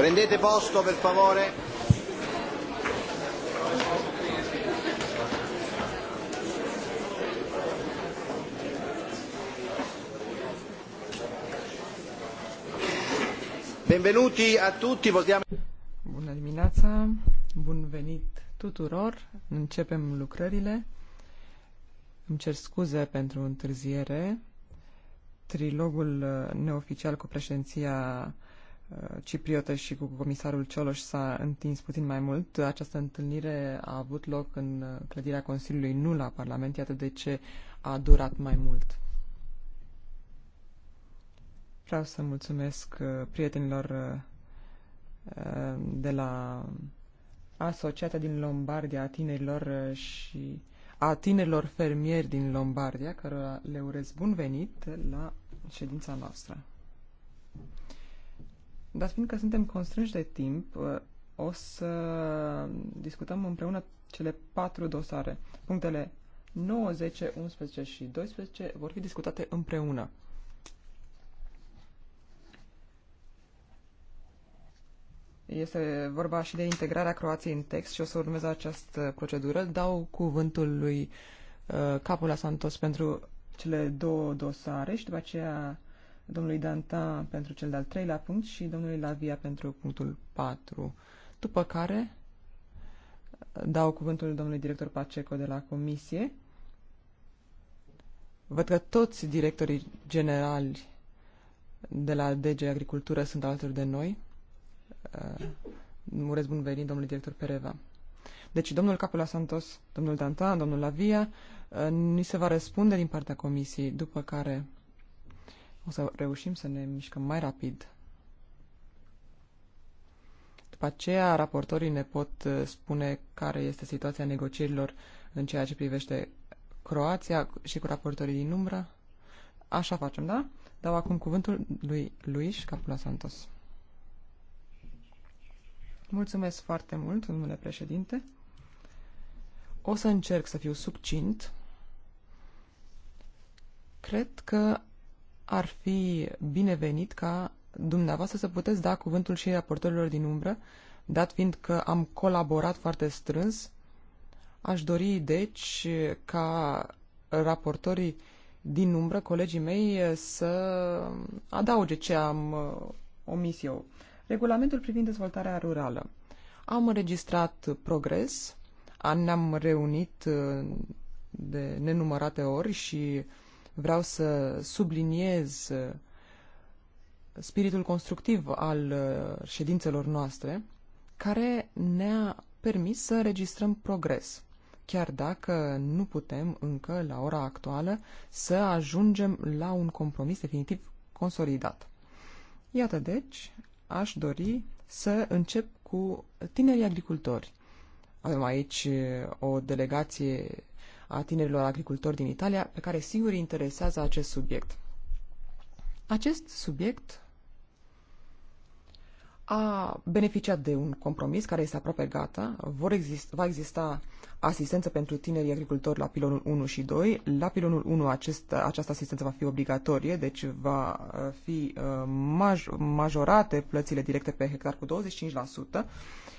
Prendete posto per favore. Benvenuti a tutti, possiamo... Bună dimineața, bun venit tuturor. Începem lucrările. Îmi cer scuze pentru întârziere. Trilogul uh, neoficial cu președinția Uh, cipriotă și cu comisarul Cioloș s-a întins puțin mai mult. Această întâlnire a avut loc în uh, clădirea Consiliului, nu la Parlament, iată de ce a durat mai mult. Vreau să mulțumesc uh, prietenilor de la Asociația din Lombardia a tinerilor și a tinerilor fermieri din Lombardia, care le urez bun venit la ședința noastră. Dar fiindcă suntem constrânși de timp, uh, o să discutăm împreună cele patru dosare. Punctele 9, 10, 11 și 12 vor fi discutate împreună. Este vorba și de integrarea Croației în text și o să urmeze această procedură. Dau cuvântul lui uh, Capula Santos pentru cele două dosare și după aceea domnului Danta pentru cel de-al treilea punct și domnului Lavia pentru punctul 4. După care dau cuvântul domnului director Paceco de la comisie. Văd că toți directorii generali de la DG Agricultură sunt alături de noi. Uh, urez bun venit, domnul director Pereva. Deci, domnul Capula Santos, domnul Danta, domnul Lavia, uh, ni se va răspunde din partea comisiei, după care o să reușim să ne mișcăm mai rapid. După aceea, raportorii ne pot uh, spune care este situația negocierilor în ceea ce privește Croația și cu raportorii din umbră. Așa facem, da? Dau acum cuvântul lui Luis Capula Santos. Mulțumesc foarte mult, domnule președinte. O să încerc să fiu succint. Cred că ar fi binevenit ca dumneavoastră să puteți da cuvântul și raportorilor din umbră, dat fiind că am colaborat foarte strâns. Aș dori, deci, ca raportorii din umbră, colegii mei, să adauge ce am uh, omis eu. Regulamentul privind dezvoltarea rurală. Am înregistrat progres, ne-am reunit uh, de nenumărate ori și uh, Vreau să subliniez uh, spiritul constructiv al uh, ședințelor noastre, care ne-a permis să registrăm progres, chiar dacă nu putem încă, la ora actuală, să ajungem la un compromis definitiv consolidat. Iată deci, aș dori să încep cu tinerii agricultori. Avem aici uh, o delegație a tinerilor agricultori din Italia, pe care sigur interesează acest subiect. Acest subiect a beneficiat de un compromis care este aproape gata. Vor exist, va exista asistență pentru tinerii agricultori la pilonul 1 și 2. La pilonul 1 acest, această asistență va fi obligatorie, deci va uh, fi uh, maj, majorate plățile directe pe hectar cu 25%,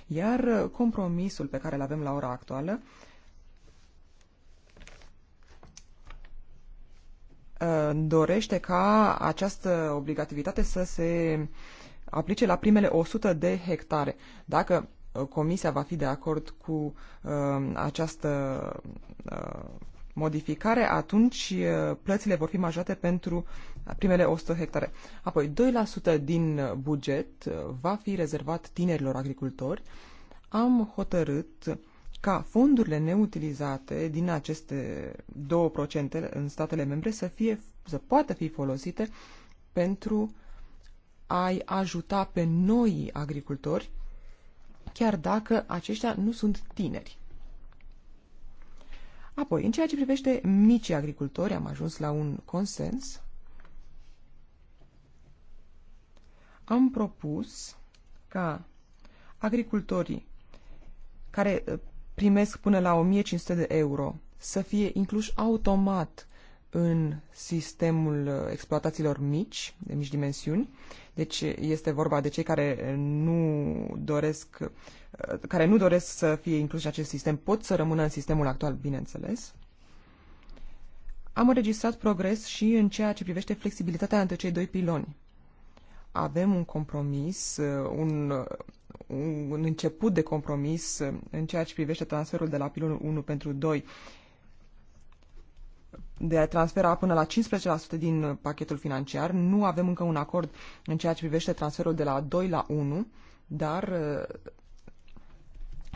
iar uh, compromisul pe care îl avem la ora actuală Uh, dorește ca această obligativitate să se aplice la primele 100 de hectare. Dacă uh, Comisia va fi de acord cu uh, această uh, modificare, atunci uh, plățile vor fi majorate pentru primele 100 hectare. Apoi, 2% din buget uh, va fi rezervat tinerilor agricultori. Am hotărât ca fondurile neutilizate din aceste 2% în statele membre să, fie, să poată fi folosite pentru a-i ajuta pe noi agricultori, chiar dacă aceștia nu sunt tineri. Apoi, în ceea ce privește micii agricultori, am ajuns la un consens. Am propus ca agricultorii care primesc până la 1500 de euro să fie incluși automat în sistemul uh, exploatațiilor mici, de mici dimensiuni. Deci este vorba de cei care nu doresc, uh, care nu doresc să fie incluși în acest sistem, pot să rămână în sistemul actual, bineînțeles. Am înregistrat progres și în ceea ce privește flexibilitatea între cei doi piloni. Avem un compromis, uh, un un început de compromis uh, în ceea ce privește transferul de la pilonul 1 pentru 2 de a transfera până la 15% din uh, pachetul financiar. Nu avem încă un acord în ceea ce privește transferul de la 2 la 1, dar uh,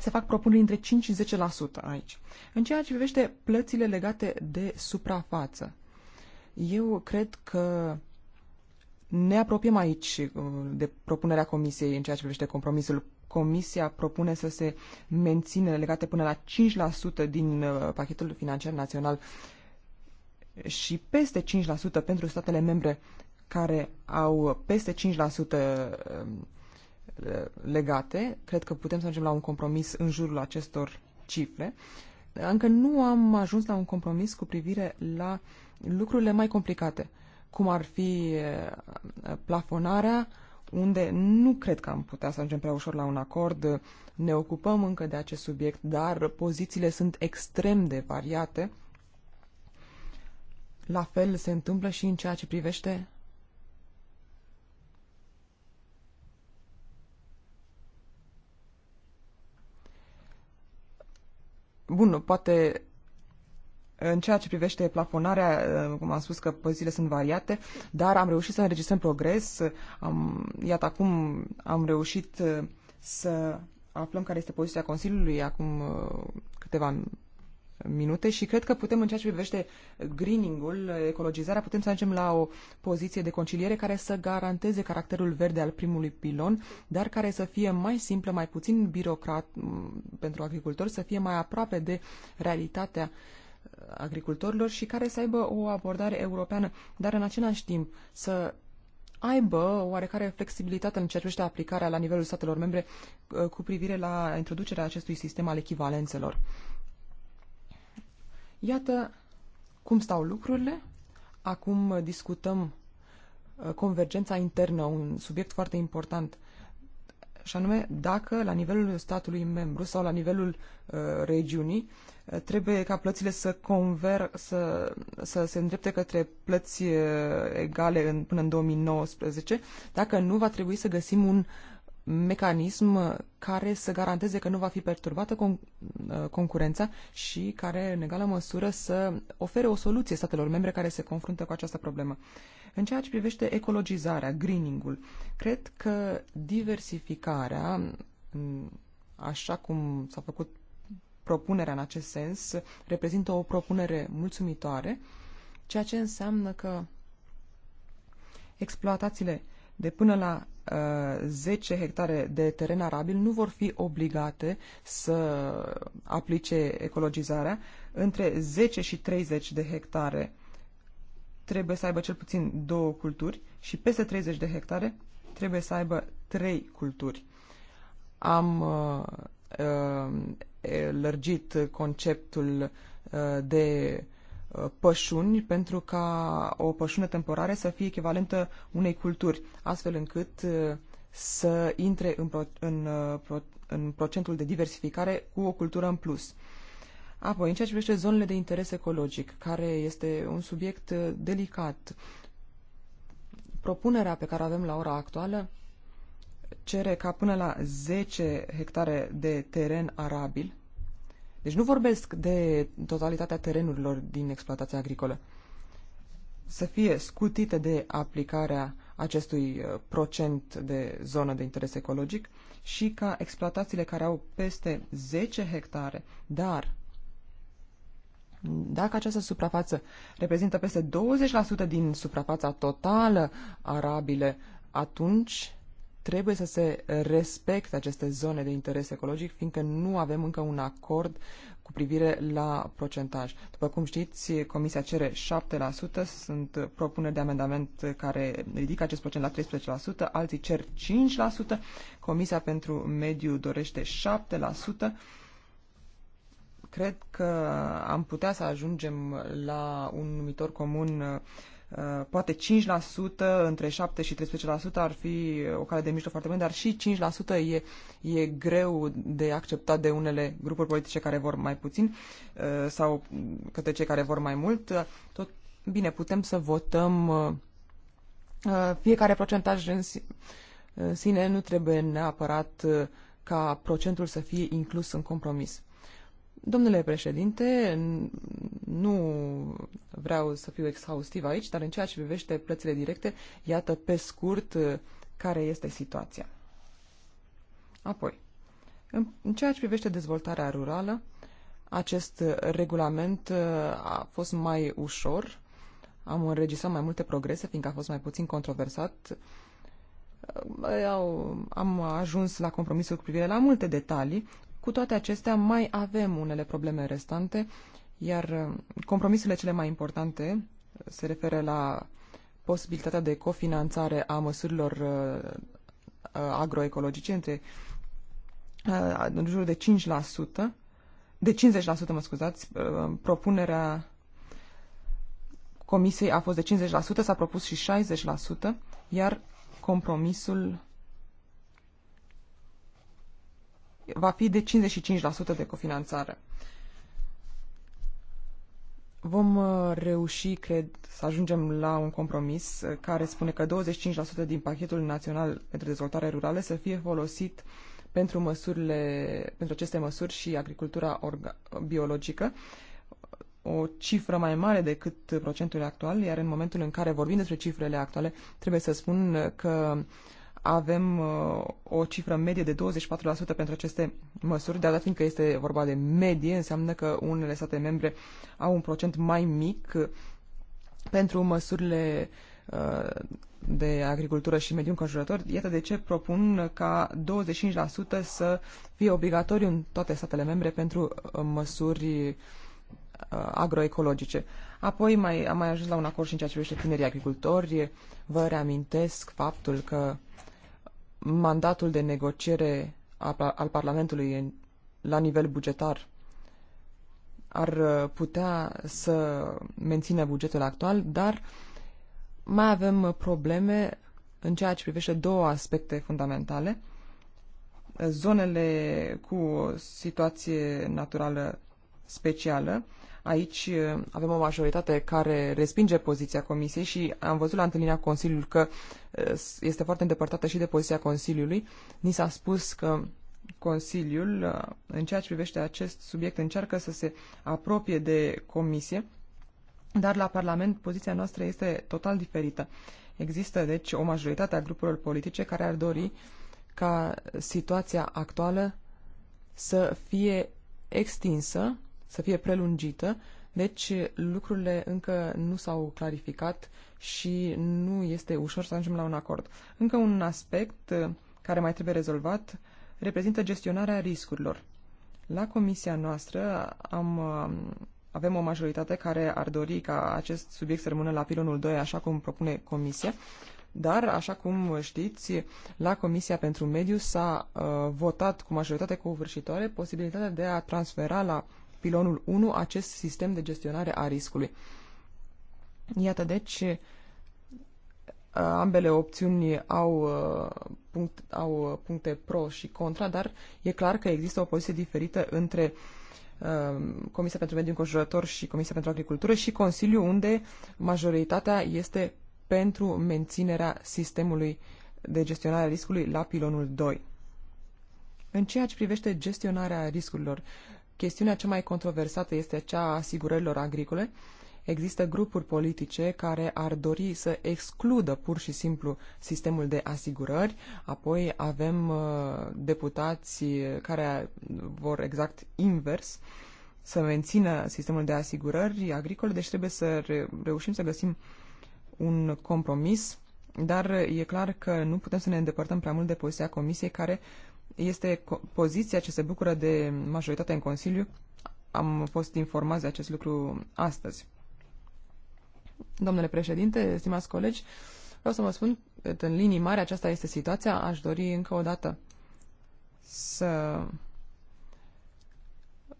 se fac propuneri între 5 și 10% aici. În ceea ce privește plățile legate de suprafață, eu cred că ne apropiem aici uh, de propunerea Comisiei în ceea ce privește compromisul. Comisia propune să se mențină legate până la 5% din uh, pachetul financiar național și peste 5% pentru statele membre care au peste 5% uh, legate. Cred că putem să ajungem la un compromis în jurul acestor cifre. Încă nu am ajuns la un compromis cu privire la lucrurile mai complicate. Uh, cum ar fi plafonarea, unde nu cred că am putea să ajungem prea ușor la un acord. Ne ocupăm încă de acest subiect, dar pozițiile sunt extrem de variate. La fel se întâmplă și în ceea ce privește Bun, poate în ceea ce privește plafonarea, uh, cum am spus că pozițiile sunt variate, dar am reușit să înregistrăm progres. Am, iată, acum am reușit uh, să aflăm care este poziția Consiliului acum uh, câteva minute și cred că putem, în ceea ce privește greening-ul, ecologizarea, putem să ajungem la o poziție de conciliere care să garanteze caracterul verde al primului pilon, dar care să fie mai simplă, mai puțin birocrat pentru agricultori, să fie mai aproape de realitatea uh, agricultorilor și care să aibă o abordare europeană, dar în același timp să aibă oarecare flexibilitate în ceea ce privește aplicarea la nivelul statelor membre uh, cu privire la introducerea acestui sistem al echivalențelor. Iată cum stau lucrurile. Acum discutăm uh, convergența internă, un subiect foarte important și anume dacă la nivelul statului membru sau la nivelul uh, regiunii uh, trebuie ca plățile să conver, să, să se îndrepte către plăți uh, egale în, până în 2019, dacă nu va trebui să găsim un mecanism uh, care să garanteze că nu va fi perturbată con- concurența și care, în egală măsură, să ofere o soluție statelor membre care se confruntă cu această problemă. Uh, în ceea ce privește ecologizarea, greening-ul, cred că diversificarea, așa cum s-a făcut propunerea în acest sens, reprezintă o propunere mulțumitoare, ceea ce înseamnă că exploatațiile de până la uh, 10 hectare de teren arabil nu vor fi obligate să aplice ecologizarea între 10 și 30 de hectare trebuie să aibă cel puțin două culturi și peste 30 de hectare trebuie să aibă trei culturi. Am uh, uh, lărgit conceptul uh, de uh, pășuni pentru ca o pășune temporară să fie echivalentă unei culturi, astfel încât uh, să intre în, pro- în, uh, în procentul de diversificare cu o cultură în plus. Apoi, în ceea ce privește zonele de interes ecologic, care este un subiect uh, delicat, propunerea pe care avem la ora actuală cere ca până la 10 hectare de teren arabil, deci nu vorbesc de totalitatea terenurilor din exploatația agricolă, să fie scutite de aplicarea acestui uh, procent de zonă de interes ecologic și ca exploatațiile care au peste 10 hectare, dar dacă această suprafață reprezintă peste 20% din suprafața totală arabile, atunci trebuie să se respecte aceste zone de interes ecologic, fiindcă nu avem încă un acord cu privire la procentaj. După cum știți, Comisia cere 7%, sunt propuneri de amendament care ridică acest procent la 13%, alții cer 5%, Comisia pentru Mediu dorește 7%, Cred că am putea să ajungem la un numitor comun uh, poate 5% între 7 și 13% ar fi o cale de mijloc foarte bună, dar și 5% e, e greu de acceptat de unele grupuri politice care vor mai puțin uh, sau către cei care vor mai mult. Tot bine, putem să votăm uh, fiecare procentaj în, sine nu trebuie neapărat ca procentul să fie inclus în compromis. Domnule președinte, nu vreau să fiu exhaustiv aici, dar în ceea ce privește plățile directe, iată pe scurt uh, care este situația. Apoi, în ceea ce privește dezvoltarea rurală, acest uh, regulament uh, a fost mai ușor, am înregistrat mai multe progrese, fiindcă a fost mai puțin controversat. Am ajuns la compromisul cu privire la multe detalii, cu toate acestea, mai avem unele probleme restante, iar uh, compromisurile cele mai importante uh, se referă la posibilitatea de cofinanțare a măsurilor uh, agroecologice între în jur de 5%, de 50%, mă scuzați, propunerea comisiei a fost de 50%, s-a propus și 60%, iar compromisul va fi de 55% de cofinanțare. Vom uh, reuși, cred, să ajungem la un compromis uh, care spune că 25% din pachetul național pentru dezvoltare rurală să fie folosit pentru, măsurile, pentru aceste măsuri și agricultura orga, biologică, o cifră mai mare decât procentul actual, iar în momentul în care vorbim despre cifrele actuale, trebuie să spun uh, că avem uh, o cifră medie de 24% pentru aceste măsuri, dar fiindcă este vorba de medie, înseamnă că unele state membre au un procent mai mic uh, pentru măsurile uh, de agricultură și mediu înconjurător. Iată de ce propun ca 25% să fie obligatoriu în toate statele membre pentru măsuri agroecologice. Apoi mai, am mai ajuns la un acord și în ceea ce privește tinerii agricultori. Vă reamintesc faptul că mandatul de negociere al Parlamentului la nivel bugetar ar uh, putea să mențină bugetul actual, dar mai avem uh, probleme în ceea ce privește două aspecte fundamentale. Zonele cu situație naturală specială Aici uh, avem o majoritate care respinge poziția Comisiei și am văzut la întâlnirea Consiliului că uh, este foarte îndepărtată și de poziția Consiliului. Ni s-a spus că Consiliul, uh, în ceea ce privește acest subiect, încearcă să se apropie de Comisie, dar la Parlament poziția noastră este total diferită. Există, deci, o majoritate a grupurilor politice care ar dori ca situația actuală să fie extinsă să fie prelungită, deci lucrurile încă nu s-au clarificat și nu este ușor să ajungem la un acord. Încă un aspect uh, care mai trebuie rezolvat reprezintă gestionarea riscurilor. La comisia noastră am, uh, avem o majoritate care ar dori ca acest subiect să rămână la pilonul 2, așa cum propune comisia, dar, așa cum știți, la Comisia pentru Mediu s-a uh, votat cu majoritate covârșitoare posibilitatea de a transfera la pilonul 1 acest sistem de gestionare a riscului. Iată, deci, eh, ambele opțiuni au, eh, punct, au eh, puncte pro și contra, dar e clar că există o poziție diferită între Comisia pentru Mediul Înconjurător și Comisia pentru Agricultură și Consiliul, unde majoritatea este pentru menținerea sistemului de gestionare a riscului la pilonul 2. În ceea ce privește gestionarea riscurilor, Chestiunea cea mai controversată este cea a asigurărilor agricole. Există grupuri politice care ar dori să excludă pur și simplu sistemul de asigurări, apoi avem uh, deputați care vor exact invers să mențină sistemul de asigurări agricole, deci trebuie să reușim să găsim un compromis, dar e clar că nu putem să ne îndepărtăm prea mult de poziția Comisiei, care este poziția ce se bucură de majoritate în Consiliu. Am fost informați de acest lucru astăzi. Domnule președinte, stimați colegi, vreau să vă spun că în linii mari aceasta este situația. Aș dori încă o dată să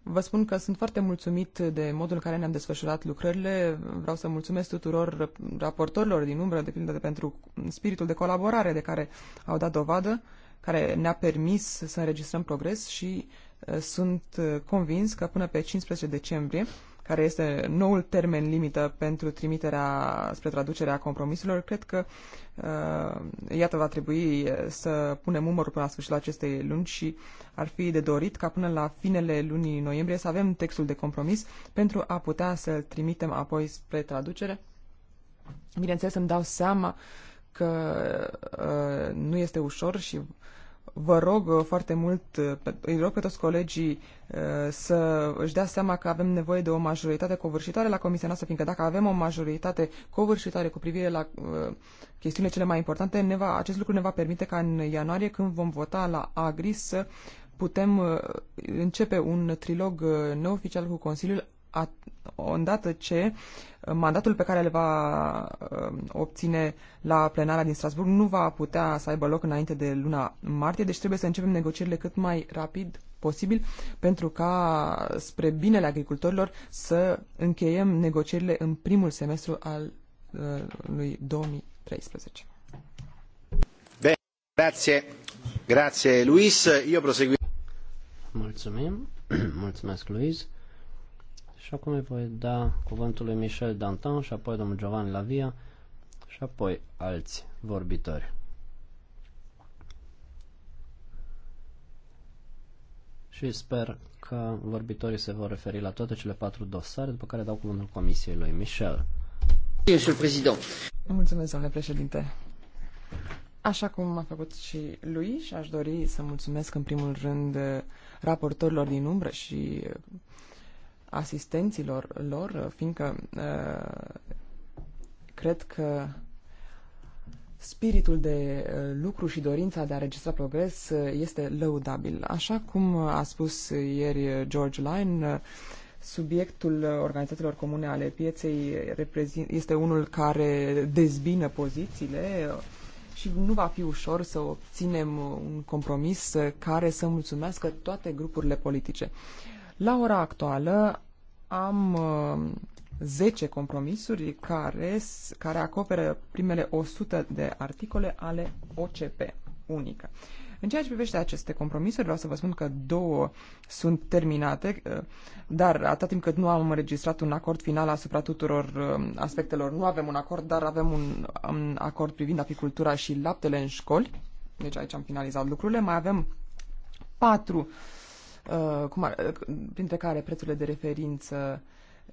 vă spun că sunt foarte mulțumit de modul în care ne-am desfășurat lucrările. Vreau să mulțumesc tuturor raportorilor din umbră, de pildă, pentru spiritul de colaborare de care au dat dovadă care ne-a permis să înregistrăm progres și uh, sunt uh, convins că până pe 15 decembrie, care este noul termen limită pentru trimiterea spre traducerea compromisurilor, cred că uh, iată va trebui să punem umărul până la sfârșitul acestei luni și ar fi de dorit ca până la finele lunii noiembrie să avem textul de compromis pentru a putea să-l trimitem apoi spre traducere. Bineînțeles, îmi dau seama uh, că ă, nu este ușor și vă rog foarte mult, îi rog pe toți colegii ă, să își dea seama că avem nevoie de o majoritate covârșitoare la Comisia noastră, fiindcă dacă avem o majoritate covârșitoare cu privire la ă, chestiunile cele mai importante, ne va, acest lucru ne va permite ca în ianuarie, când vom vota la AGRIS, să putem începe un trilog neoficial cu Consiliul, îndată ce uh, mandatul pe care le va uh, obține la plenara din Strasburg nu va putea să aibă loc înainte de luna martie, deci trebuie să începem negocierile cât mai rapid posibil pentru ca spre binele agricultorilor să încheiem negocierile în primul semestru al uh, lui 2013. Bine, grazie. Grazie, Luis. Eu prosegui. Mulțumim. Mulțumesc, Luis. Și acum îi voi da cuvântul lui Michel Danton și apoi domnul Giovanni Lavia și apoi alți vorbitori. Și sper că vorbitorii se vor referi la toate cele patru dosare, după care dau cuvântul Comisiei lui Michel. Mulțumesc, domnule președinte. Așa cum a făcut și lui și aș dori să mulțumesc în primul rând raportorilor din umbră și asistenților lor, fiindcă uh, cred că spiritul de uh, lucru și dorința de a registra progres uh, este lăudabil. Așa cum a spus ieri George Lyon, subiectul organizațiilor comune ale pieței este unul care dezbină pozițiile și nu va fi ușor să obținem un compromis care să mulțumească toate grupurile politice. Uh, la ora actuală am 10 uh, compromisuri care, care acoperă primele 100 de articole ale OCP unică. În ceea ce privește aceste compromisuri, vreau să vă spun că două sunt terminate, uh, dar atât timp cât nu am înregistrat un acord final asupra tuturor uh, aspectelor, nu avem un acord, dar avem un, un acord privind apicultura și laptele în școli. Deci aici am finalizat lucrurile. Mai avem patru uh, Uh, cum ar, uh, printre care prețurile de referință,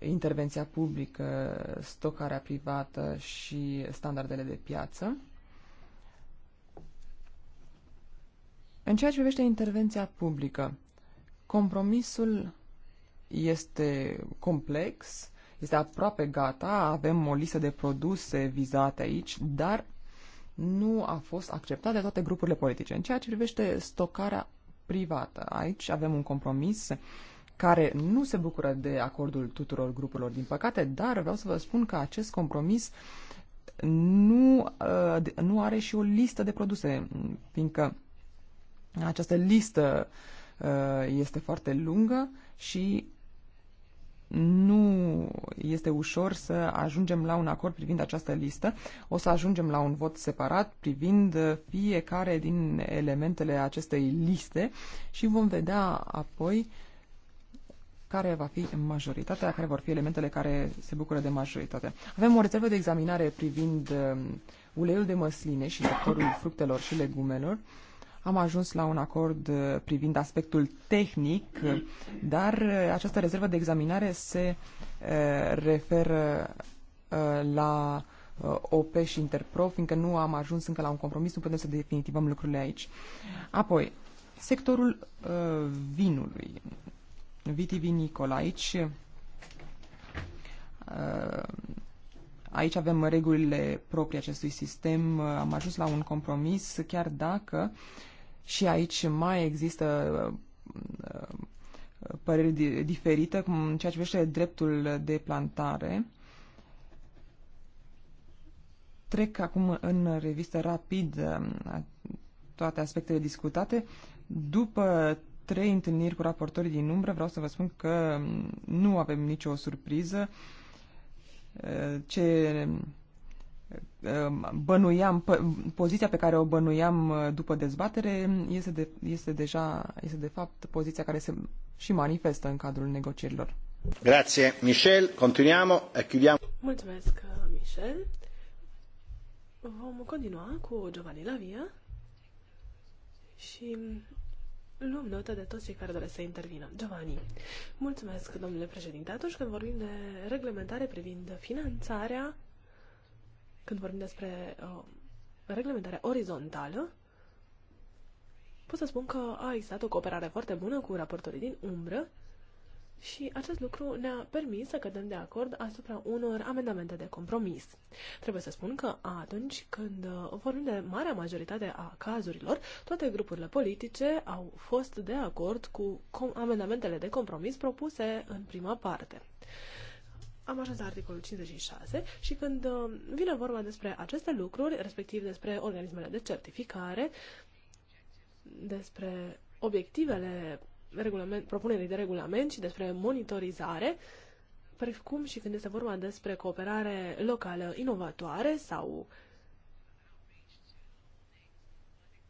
intervenția publică, stocarea privată și standardele de piață. În ceea ce privește intervenția publică, compromisul este complex, este aproape gata, avem o listă de produse vizate aici, dar nu a fost acceptat de toate grupurile politice. În ceea ce privește stocarea privată. Aici avem un compromis care nu se bucură de acordul tuturor grupurilor, din păcate, dar vreau să vă spun că acest compromis nu, uh, nu are și o listă de produse, fiindcă această listă uh, este foarte lungă și nu este ușor să ajungem la un acord privind această listă. O să ajungem la un vot separat privind fiecare din elementele acestei liste și vom vedea apoi care va fi majoritatea, care vor fi elementele care se bucură de majoritate. Avem o rețelă de examinare privind um, uleiul de măsline și sectorul fructelor și legumelor. Uh, am ajuns la un acord uh, privind aspectul tehnic, uh, dar uh, această rezervă de examinare se referă la OP și Interpro, fiindcă nu am ajuns încă la un compromis, nu putem să definitivăm lucrurile aici. Apoi, sectorul vinului, vitivinicol, aici Aici avem regulile proprii acestui sistem. Am ajuns la un compromis, chiar dacă și aici mai există uh, uh, păreri diferite, cum în ceea ce privește dreptul de plantare. Trec acum în revistă rapid um, toate aspectele discutate. După trei întâlniri cu raportorii din umbră, vreau să vă spun că um, nu avem nicio surpriză. Uh, ce Ehm, bănuiam, poziția pe care o bănuiam uh, după dezbatere este, de, este deja, este de fapt poziția care se și manifestă în cadrul negocierilor. Grazie, Michel. Continuiamo e chiudiamo. Mulțumesc, uh, Michel. Vom continua cu Giovanni Lavia și luăm notă de toți cei care doresc să intervină. Giovanni, mulțumesc, domnule președinte. Atunci când vorbim de reglementare privind finanțarea, când vorbim despre uh, reglementare orizontală, pot să spun că a existat o cooperare foarte bună cu raportorii din umbră și acest lucru ne-a permis să cădem de acord asupra unor amendamente de compromis. Trebuie să spun că atunci când uh, vorbim de marea majoritate a cazurilor, toate grupurile politice au fost de acord cu amendamentele de compromis propuse în prima parte am ajuns la articolul 56 și când uh, vine vorba despre aceste lucruri, respectiv despre organismele de certificare, despre obiectivele regulament, propunerii de regulament și despre monitorizare, precum și când este vorba despre cooperare locală inovatoare sau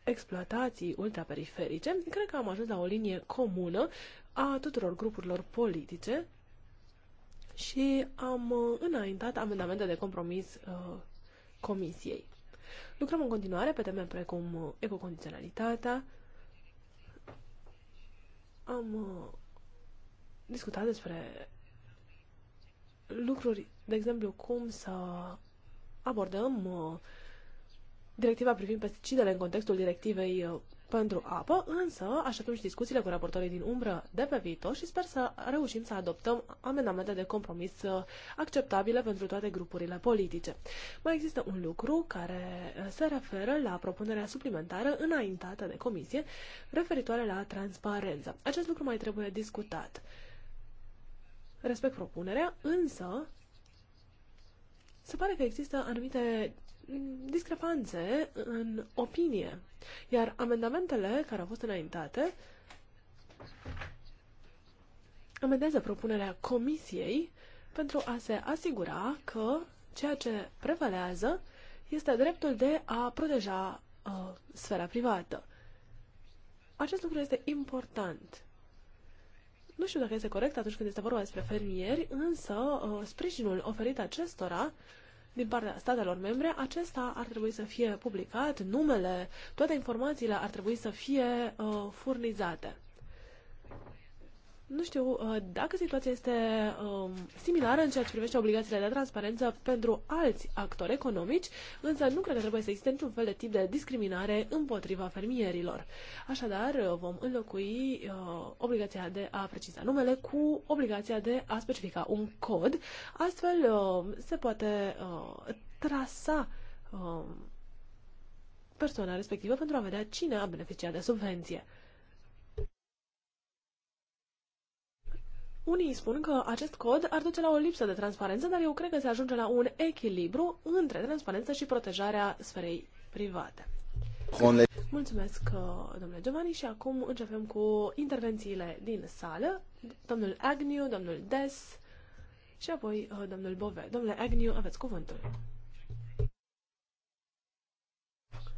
exploatații ultraperiferice, cred că am ajuns la o linie comună a tuturor grupurilor politice și am uh, înaintat amendamente de compromis uh, comisiei. Lucrăm în continuare pe teme precum uh, ecocondiționalitatea. Am uh, discutat despre lucruri, de exemplu, cum să abordăm uh, directiva privind pesticidele în contextul directivei uh, pentru apă, însă așteptăm și discuțiile cu raportorii din umbră de pe viitor și sper să reușim să adoptăm amendamente de compromis uh, acceptabile pentru toate grupurile politice. Mai există un lucru care uh, se referă la propunerea suplimentară înaintată de comisie referitoare la transparență. Acest lucru mai trebuie discutat. Respect propunerea, însă se pare că există anumite discrepanțe în opinie, iar amendamentele care au fost înaintate amendează propunerea Comisiei pentru a se asigura că ceea ce prevalează este dreptul de a proteja uh, sfera privată. Acest lucru este important. Nu știu dacă este corect atunci când este vorba despre fermieri, însă uh, sprijinul oferit acestora uh, din partea statelor membre, acesta ar trebui să fie publicat, numele, toate informațiile ar trebui să fie uh, furnizate. Nu știu uh, dacă situația este um, similară în ceea ce privește obligațiile de transparență pentru alți actori economici, însă nu cred că trebuie să existe niciun fel de tip de discriminare împotriva fermierilor. Așadar, uh, vom înlocui uh, obligația de a preciza numele cu obligația de a specifica un cod. Astfel, se poate trasa um, persoana respectivă pentru a vedea cine a beneficiat de subvenție. Unii spun că acest cod ar duce la o lipsă de transparență, dar eu cred că se ajunge la un echilibru între transparență și protejarea sferei private. Online. Mulțumesc, uh, domnule Giovanni, și acum începem cu intervențiile din sală. Domnul Agniu, domnul Des și apoi uh, domnul Bove. Domnule Agniu, aveți cuvântul.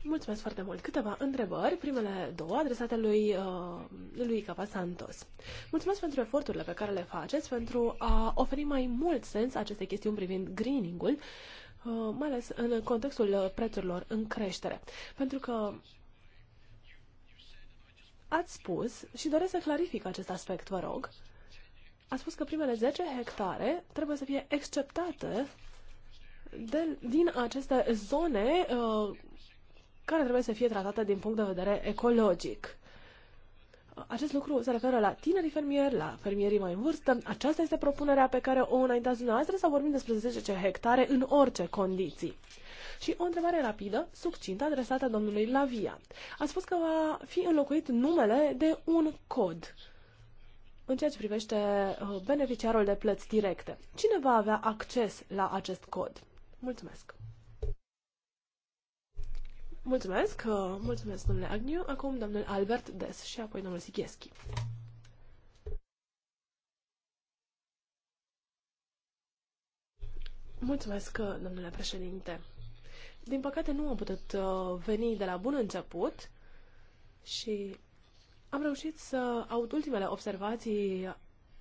Mulțumesc foarte mult. Câteva întrebări, primele două adresate lui, uh, lui Cava Santos. Mulțumesc pentru eforturile pe care le faceți pentru a oferi mai mult sens acestei chestiuni privind greening-ul, uh, mai ales în contextul prețurilor în creștere. Pentru că ați spus și doresc să clarific acest aspect, vă rog. Ați spus că primele 10 hectare trebuie să fie exceptate de, din aceste zone uh, care trebuie să fie tratată din punct de vedere ecologic. Acest lucru se referă la tinerii fermieri, la fermierii mai în vârstă. Aceasta este propunerea pe care o înaintați dumneavoastră sau vorbim despre 10 hectare în orice condiții. Și o întrebare rapidă, succintă, adresată domnului Lavia. A spus că va fi înlocuit numele de un cod în ceea ce privește uh, beneficiarul de plăți directe. Cine va avea acces la acest cod? Mulțumesc! Mulțumesc, uh, mulțumesc domnule Agniu. Acum domnul Albert Des și apoi domnul Sikieschi. Mulțumesc, uh, domnule președinte. Din păcate nu am putut uh, veni de la bun început și am reușit să aud ultimele observații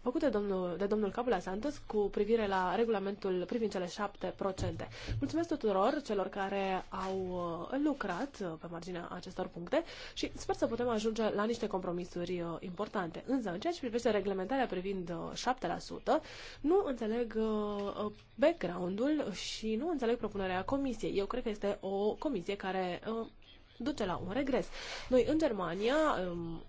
făcut de domnul, de domnul Capula Santos cu privire la regulamentul privind cele șapte procente. Mulțumesc tuturor celor care au uh, lucrat uh, pe marginea acestor puncte și sper să putem ajunge la niște compromisuri uh, importante. Însă, în ceea ce privește reglementarea privind 7%, nu înțeleg background-ul și nu înțeleg propunerea comisiei. Eu cred că este o comisie care duce la un regres. Noi, în Germania, um,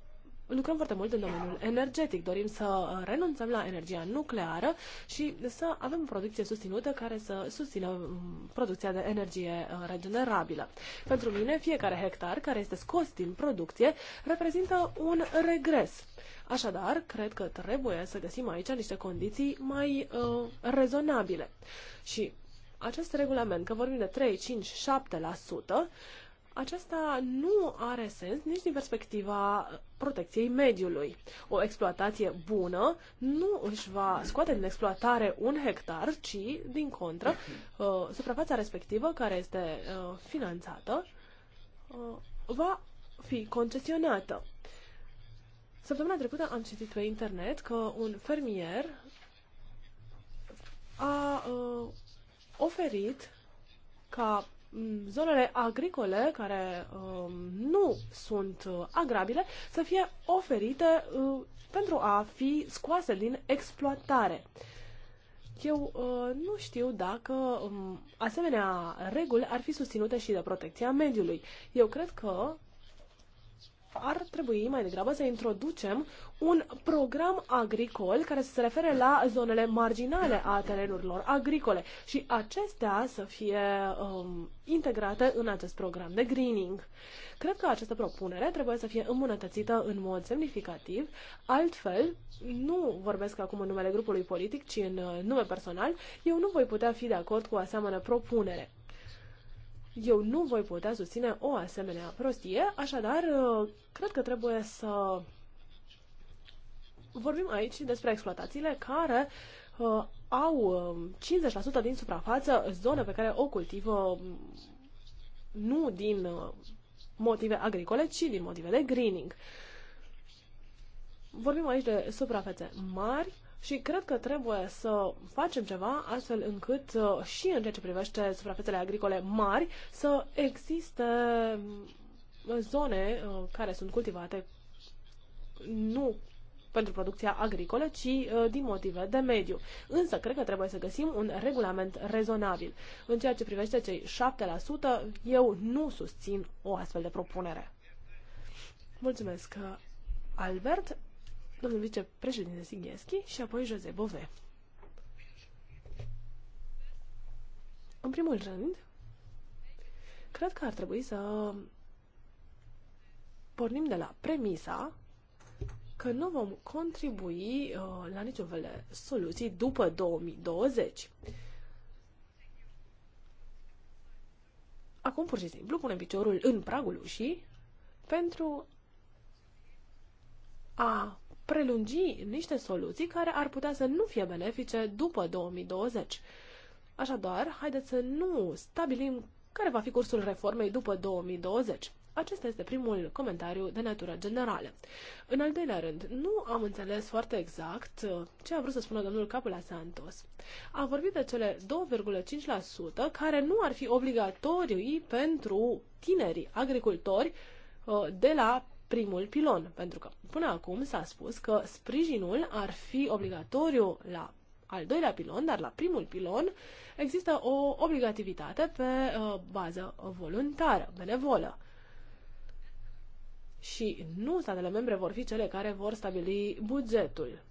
lucrăm foarte mult în domeniul energetic. Dorim să uh, renunțăm la energia nucleară și să avem o producție susținută care să susțină um, producția de energie uh, regenerabilă. Pentru mine, fiecare hectar care este scos din producție reprezintă un regres. Așadar, cred că trebuie să găsim aici niște condiții mai uh, rezonabile. Și acest regulament, că vorbim de 3, 5, 7%, aceasta nu are sens nici din perspectiva protecției mediului. O exploatație bună nu își va scoate din exploatare un hectar, ci, din contră, uh, suprafața respectivă care este uh, finanțată uh, va fi concesionată. Săptămâna trecută am citit pe internet că un fermier a uh, oferit ca Mm, zonele agricole care uh, nu sunt uh, agrabile să fie oferite uh, pentru a fi scoase din exploatare. Eu uh, nu știu dacă um, asemenea reguli ar fi susținute și de protecția mediului. Eu cred că ar trebui mai degrabă să introducem un program agricol care să se refere la zonele marginale a terenurilor agricole și acestea să fie um, integrate în acest program de greening. Cred că această propunere trebuie să fie îmbunătățită în mod semnificativ, altfel, nu vorbesc acum în numele grupului politic, ci în uh, nume personal, eu nu voi putea fi de acord cu o asemenea propunere. Eu nu voi putea susține o asemenea prostie, așadar, uh, cred că trebuie să vorbim aici despre exploatațiile care uh, au 50% uh, din suprafață zone pe care o cultivă um, nu din uh, motive agricole, ci din motive de greening. Vorbim aici de suprafețe mari și cred că trebuie să facem ceva astfel încât uh, și în ceea ce privește suprafețele agricole mari să existe mm, zone uh, care sunt cultivate nu pentru producția agricolă, ci uh, din motive de mediu. Însă, cred că trebuie să găsim un regulament rezonabil. În ceea ce privește cei 7%, eu nu susțin o astfel de propunere. Mulțumesc, Albert domnul vicepreședinte Sighieschi și apoi Jose Bove. În primul rând, cred că ar trebui să pornim de la premisa că nu vom contribui uh, la niciun fel de soluții după 2020. Acum, pur și simplu, punem piciorul în pragul ușii pentru a prelungi niște soluții care ar putea să nu fie benefice după 2020. Așadar, haideți să nu stabilim care va fi cursul reformei după 2020. Acesta este primul comentariu de natură generală. În al doilea rând, nu am înțeles foarte exact uh, ce a vrut să spună domnul Capula Santos. A vorbit de cele 2,5% care nu ar fi obligatorii pentru tinerii agricultori uh, de la primul pilon, pentru că până acum s-a spus că sprijinul ar fi obligatoriu la al doilea pilon, dar la primul pilon există o obligativitate pe uh, bază voluntară, benevolă. Și nu statele membre vor fi cele care vor stabili bugetul.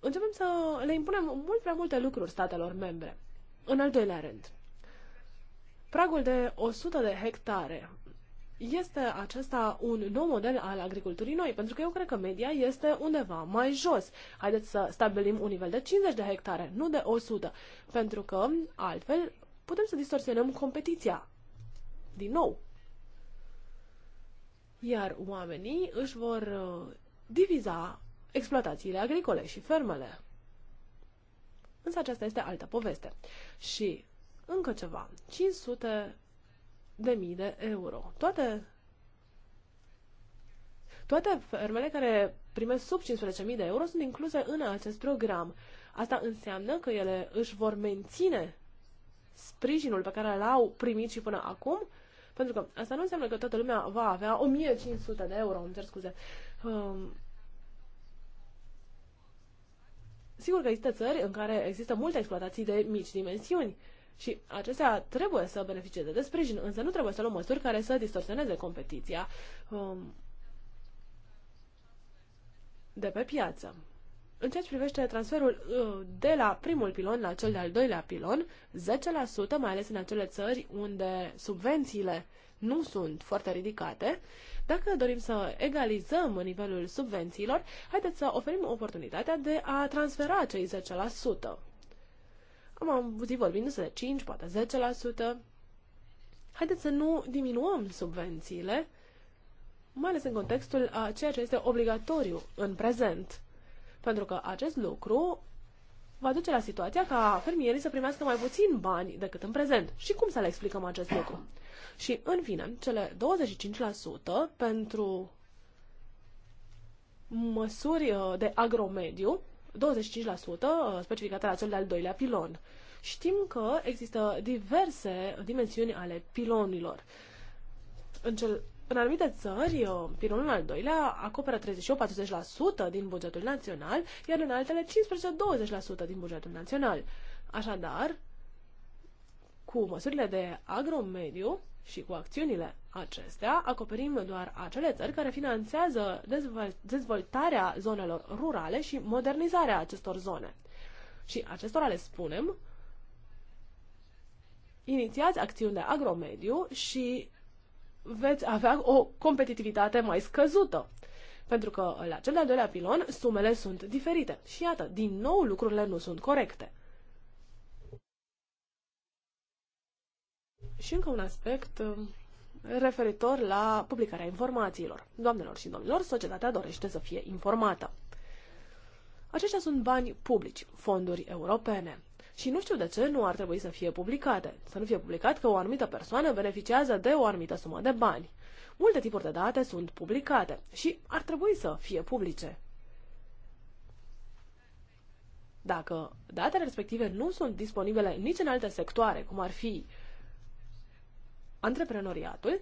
Începem să le impunem mult prea multe lucruri statelor membre. În al doilea rând, pragul de 100 de hectare este acesta un nou model al agriculturii noi? Pentru că eu cred că media este undeva mai jos. Haideți să stabilim un nivel de 50 de hectare, nu de 100, pentru că altfel putem să distorsionăm competiția. Din nou. Iar oamenii își vor uh, diviza exploatațiile agricole și fermele. Însă aceasta este altă poveste. Și încă ceva. 500 de mii de euro. Toate toate fermele care primesc sub 15.000 de euro sunt incluse în acest program. Asta înseamnă că ele își vor menține sprijinul pe care l-au primit și până acum, pentru că asta nu înseamnă că toată lumea va avea 1500 de euro, îmi cer scuze. Um, sigur că există țări în care există multe exploatații de mici dimensiuni și acestea trebuie să beneficieze de sprijin, însă nu trebuie să luăm măsuri care să distorsioneze competiția um, de pe piață. În ceea ce privește transferul uh, de la primul pilon la cel de-al doilea pilon, 10%, mai ales în acele țări unde subvențiile nu sunt foarte ridicate, dacă dorim să egalizăm nivelul subvențiilor, haideți să oferim oportunitatea de a transfera cei 10%. Am auzit vorbindu-se de 5, poate 10%. Haideți să nu diminuăm subvențiile, mai ales în contextul a ceea ce este obligatoriu în prezent. Pentru că acest lucru va duce la situația ca fermierii să primească mai puțin bani decât în prezent. Și cum să le explicăm acest lucru? Și, în fine, cele 25% pentru măsuri uh, de agromediu 25% uh, specificate la cel de-al doilea pilon. Știm că există diverse dimensiuni ale pilonilor. În, cel, în anumite țări, uh, pilonul al doilea acoperă 38-40% din bugetul național, iar în altele 15-20% din bugetul național. Așadar, cu măsurile de agromediu, și cu acțiunile acestea acoperim doar acele țări care finanțează dezvoltarea zonelor rurale și modernizarea acestor zone. Și acestora le spunem, inițiați acțiuni de agromediu și veți avea o competitivitate mai scăzută. Pentru că la cel de-al doilea pilon sumele sunt diferite. Și iată, din nou lucrurile nu sunt corecte. Și încă un aspect um, referitor la publicarea informațiilor. Doamnelor și domnilor, societatea dorește să fie informată. Aceștia sunt bani publici, fonduri europene. Și nu știu de ce nu ar trebui să fie publicate. Să nu fie publicat că o anumită persoană beneficiază de o anumită sumă de bani. Multe tipuri de date sunt publicate și ar trebui să fie publice. Dacă datele respective nu sunt disponibile nici în alte sectoare, cum ar fi uh, antreprenoriatul,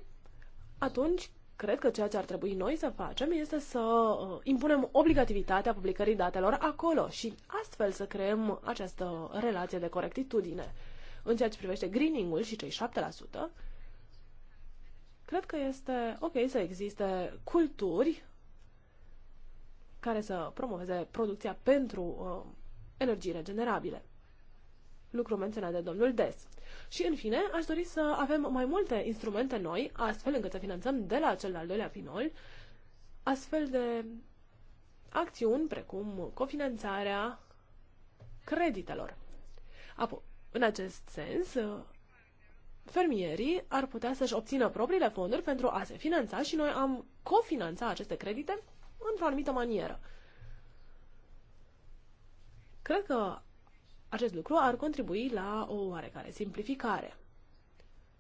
atunci cred că ceea ce ar trebui noi să facem este să uh, impunem obligativitatea publicării datelor acolo și astfel să creăm această relație de corectitudine. În ceea ce privește greening-ul și cei 7%, cred că este ok să existe culturi care să promoveze producția pentru uh, energii regenerabile. Lucru menționat de domnul Des. Și, în fine, aș dori să avem mai multe instrumente noi, astfel încât să finanțăm de la cel de-al doilea pinol astfel de acțiuni precum cofinanțarea creditelor. Apoi, în acest sens, fermierii ar putea să-și obțină propriile fonduri pentru a se finanța și noi am cofinanța aceste credite într-o anumită manieră. Cred că acest lucru ar contribui la o oarecare simplificare.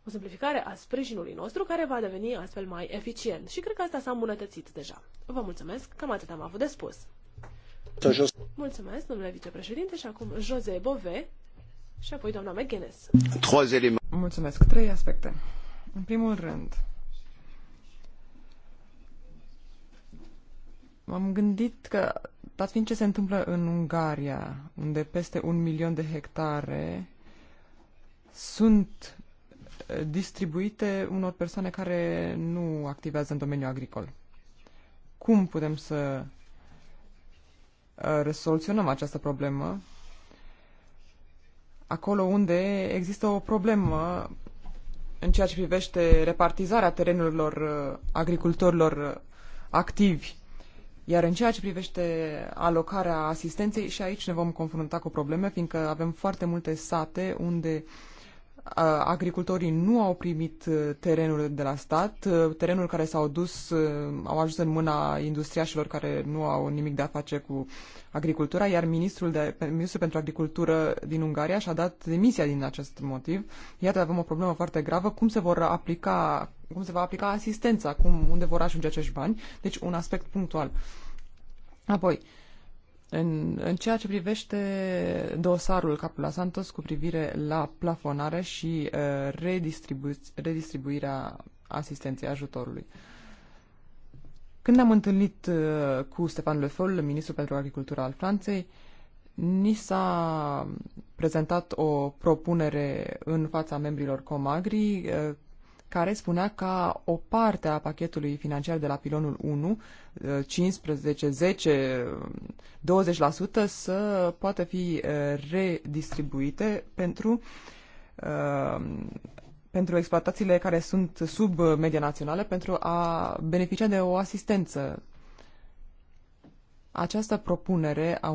O simplificare a sprijinului nostru care va deveni astfel mai eficient și cred că asta s-a îmbunătățit deja. Vă mulțumesc, cam atât am avut de spus. Mulțumesc, domnule vicepreședinte, și acum Jose Bove și apoi doamna McGuinness. Mulțumesc. Trei aspecte. În primul rând, m-am gândit că dat fiind ce se întâmplă în Ungaria, unde peste un milion de hectare sunt eh, distribuite unor persoane care nu activează în domeniul agricol. Cum putem să eh, rezoluționăm această problemă? Acolo unde există o problemă în ceea ce privește repartizarea terenurilor eh, agricultorilor activi iar în ceea ce privește alocarea asistenței, și aici ne vom confrunta cu probleme, fiindcă avem foarte multe sate unde uh, Uh, agricultorii nu au primit uh, terenul de la stat, uh, terenul care s-au dus, au ajuns în mâna industriașilor care nu au nimic de a face cu agricultura, iar ministrul, de, ministrul pentru agricultură din Ungaria și-a dat demisia din acest motiv. Iată, avem o problemă foarte gravă, cum se vor aplica, cum se va aplica asistența, cum, unde vor ajunge acești bani, deci un aspect punctual. Apoi, uh, în, în ceea ce privește dosarul Capula Santos cu privire la plafonare și uh, redistribu- redistribuirea asistenței ajutorului. Când am întâlnit uh, cu Stefan Le Foll, ministrul pentru agricultura al Franței, ni s-a prezentat o propunere în fața membrilor Comagri uh, care spunea ca o parte a pachetului financiar de la pilonul 1, 15, 10, 20% să poată fi eh, redistribuite pentru, eh, pentru exploatațiile care sunt sub media națională pentru a beneficia de o asistență. Această propunere a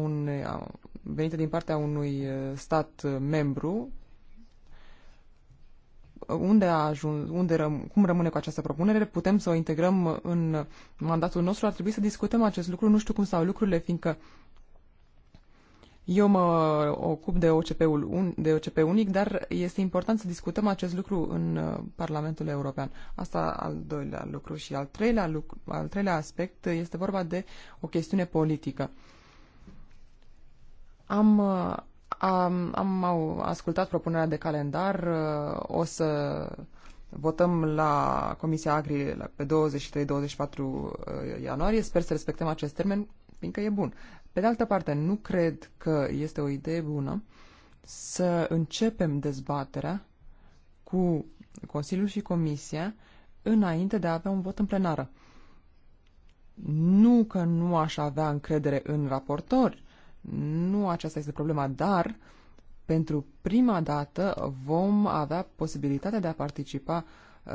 a, venită din partea unui eh, stat membru unde a ajuns, unde răm, cum rămâne cu această propunere, putem să o integrăm în mandatul nostru, ar trebui să discutăm acest lucru, nu știu cum stau lucrurile, fiindcă eu mă ocup de OCP-ul un, de OCP unic, dar este important să discutăm acest lucru în uh, Parlamentul European. Asta al doilea lucru și al treilea, lucru, al treilea aspect este vorba de o chestiune politică. Am uh, am, am ascultat propunerea de calendar. Uh, o să votăm la Comisia Agri pe 23-24 uh, ianuarie. Sper să respectăm acest termen, fiindcă e bun. Pe de altă parte, nu cred că este o idee bună să începem dezbaterea cu Consiliul și Comisia înainte de a avea un vot în plenară. Nu că nu aș avea încredere în raportori, nu aceasta este problema, dar pentru prima dată vom avea posibilitatea de a participa uh,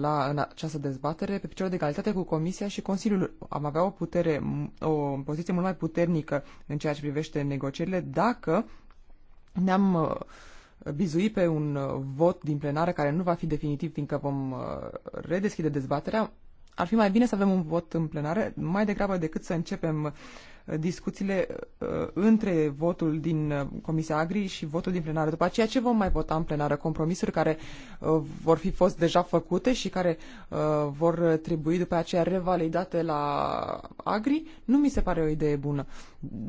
la, în această dezbatere pe picior de egalitate cu Comisia și Consiliul. Am avea o putere, o poziție mult mai puternică în ceea ce privește negocierile dacă ne-am uh, bizuit pe un uh, vot din plenară care nu va fi definitiv, fiindcă vom redeschide dezbaterea, ar fi mai bine să avem un vot în plenară mai degrabă decât să începem discuțiile uh, între votul din uh, Comisia Agri și votul din plenară. După aceea ce vom mai vota în plenară? Compromisuri care uh, vor fi fost deja făcute și care vor trebui după aceea revalidate la Agri? Nu mi se pare o idee bună.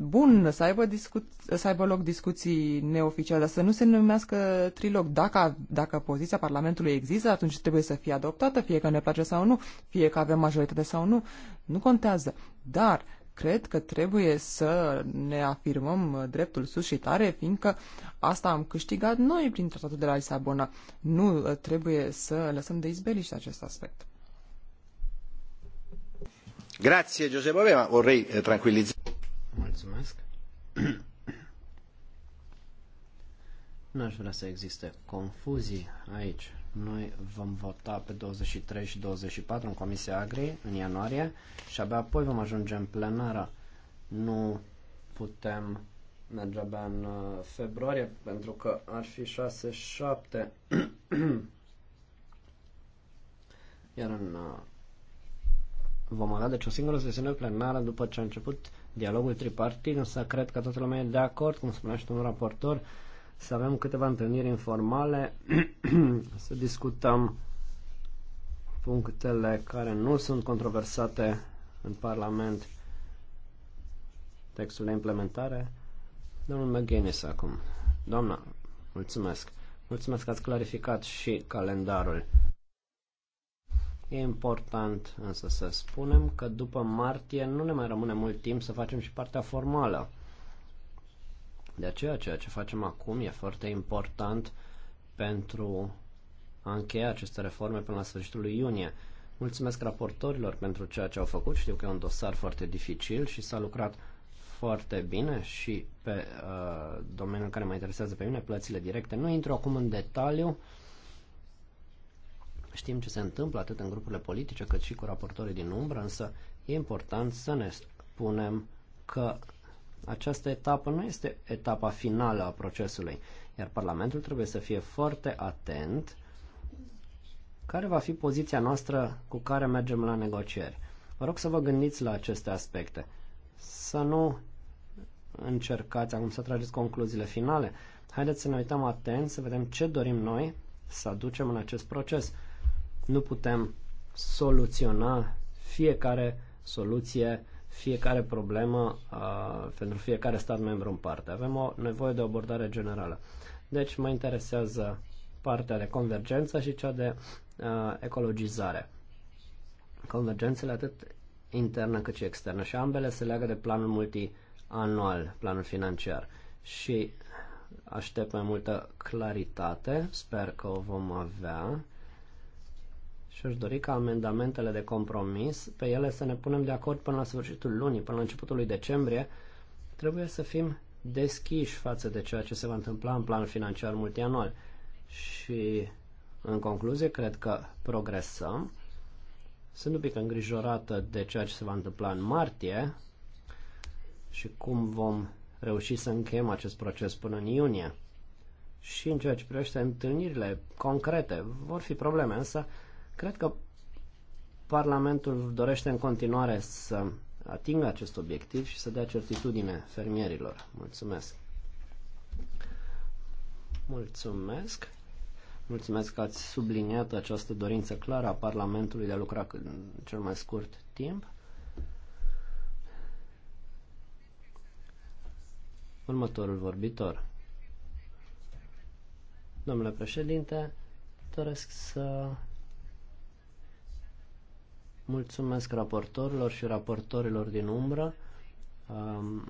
Bun să aibă, discu- să aibă loc discuții neoficiale, dar să nu se numească trilog. Dacă, dacă poziția Parlamentului există, atunci trebuie să fie adoptată, fie că ne place sau nu, fie că avem majoritate sau nu. Nu contează. Dar cred că trebuie să ne afirmăm uh, dreptul sus și tare, fiindcă asta am câștigat noi prin tratatul de la Lisabona. Nu uh, trebuie să lăsăm de izbeliște acest aspect. Grazie, Giuseppe. Beh, vorrei eh, tranquillizzare. Mulțumesc. Nu aș vrea să existe confuzii aici. Noi vom vota pe 23 și 24 în Comisia Agri în ianuarie și abia apoi vom ajunge în plenară. Nu putem merge abia în uh, februarie pentru că ar fi 6-7 iar în uh, vom avea deci o singură sesiune plenară după ce a început dialogul tripartit, însă cred că toată lumea e de acord, cum spunea și un raportor, să avem câteva întâlniri informale, să discutăm punctele care nu sunt controversate în Parlament, textul de implementare. Domnul McGuinness acum. Doamna, mulțumesc. Mulțumesc că ați clarificat și calendarul. E important însă să spunem că după martie nu ne mai rămâne mult timp să facem și partea formală. De aceea, ceea ce facem acum e foarte important pentru a încheia aceste reforme până la sfârșitul lui iunie. Mulțumesc raportorilor pentru ceea ce au făcut. Știu că e un dosar foarte dificil și s-a lucrat foarte bine și pe uh, domeniul care mă interesează pe mine, plățile directe. Nu intru acum în detaliu. Știm ce se întâmplă atât în grupurile politice cât și cu raportorii din umbră, însă e important să ne spunem că această etapă nu este etapa finală a procesului, iar Parlamentul trebuie să fie foarte atent care va fi poziția noastră cu care mergem la negocieri. Vă rog să vă gândiți la aceste aspecte, să nu încercați acum să trageți concluziile finale. Haideți să ne uităm atent, să vedem ce dorim noi să aducem în acest proces. Nu putem soluționa fiecare soluție fiecare problemă uh, pentru fiecare stat membru în parte. Avem o nevoie de abordare generală. Deci mă interesează partea de convergență și cea de uh, ecologizare. Convergențele atât internă cât și externă și ambele se leagă de planul multianual, planul financiar și aștept mai multă claritate, sper că o vom avea și aș dori ca amendamentele de compromis, pe ele să ne punem de acord până la sfârșitul lunii, până la începutul lui decembrie, trebuie să fim deschiși față de ceea ce se va întâmpla în plan financiar multianual. Și, în concluzie, cred că progresăm. Sunt un pic îngrijorată de ceea ce se va întâmpla în martie și cum vom reuși să încheiem acest proces până în iunie. Și în ceea ce privește întâlnirile concrete, vor fi probleme, însă Cred că Parlamentul dorește în continuare să atingă acest obiectiv și să dea certitudine fermierilor. Mulțumesc! Mulțumesc! Mulțumesc că ați subliniat această dorință clară a Parlamentului de a lucra în cel mai scurt timp. Următorul vorbitor. Domnule președinte, doresc să Mulțumesc raportorilor și raportorilor din umbră.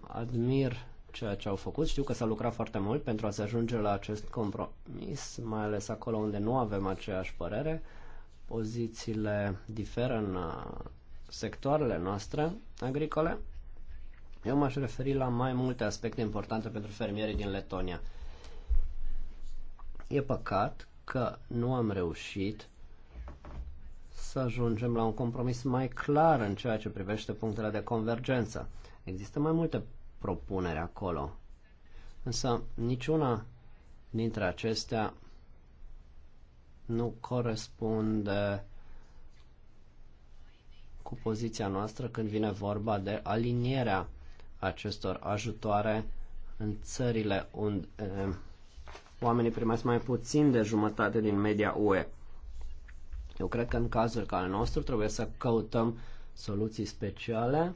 Admir ceea ce au făcut. Știu că s-a lucrat foarte mult pentru a se ajunge la acest compromis, mai ales acolo unde nu avem aceeași părere. Pozițiile diferă în uh, sectoarele noastre agricole. Eu m-aș referi la mai multe aspecte importante pentru fermierii din Letonia. E păcat că nu am reușit să ajungem la un compromis mai clar în ceea ce privește punctele de convergență. Există mai multe propuneri acolo, însă niciuna dintre acestea nu corespunde cu poziția noastră când vine vorba de alinierea acestor ajutoare în țările unde eh, oamenii primesc mai puțin de jumătate din media UE. Eu cred că în cazul ca al nostru trebuie să căutăm soluții speciale,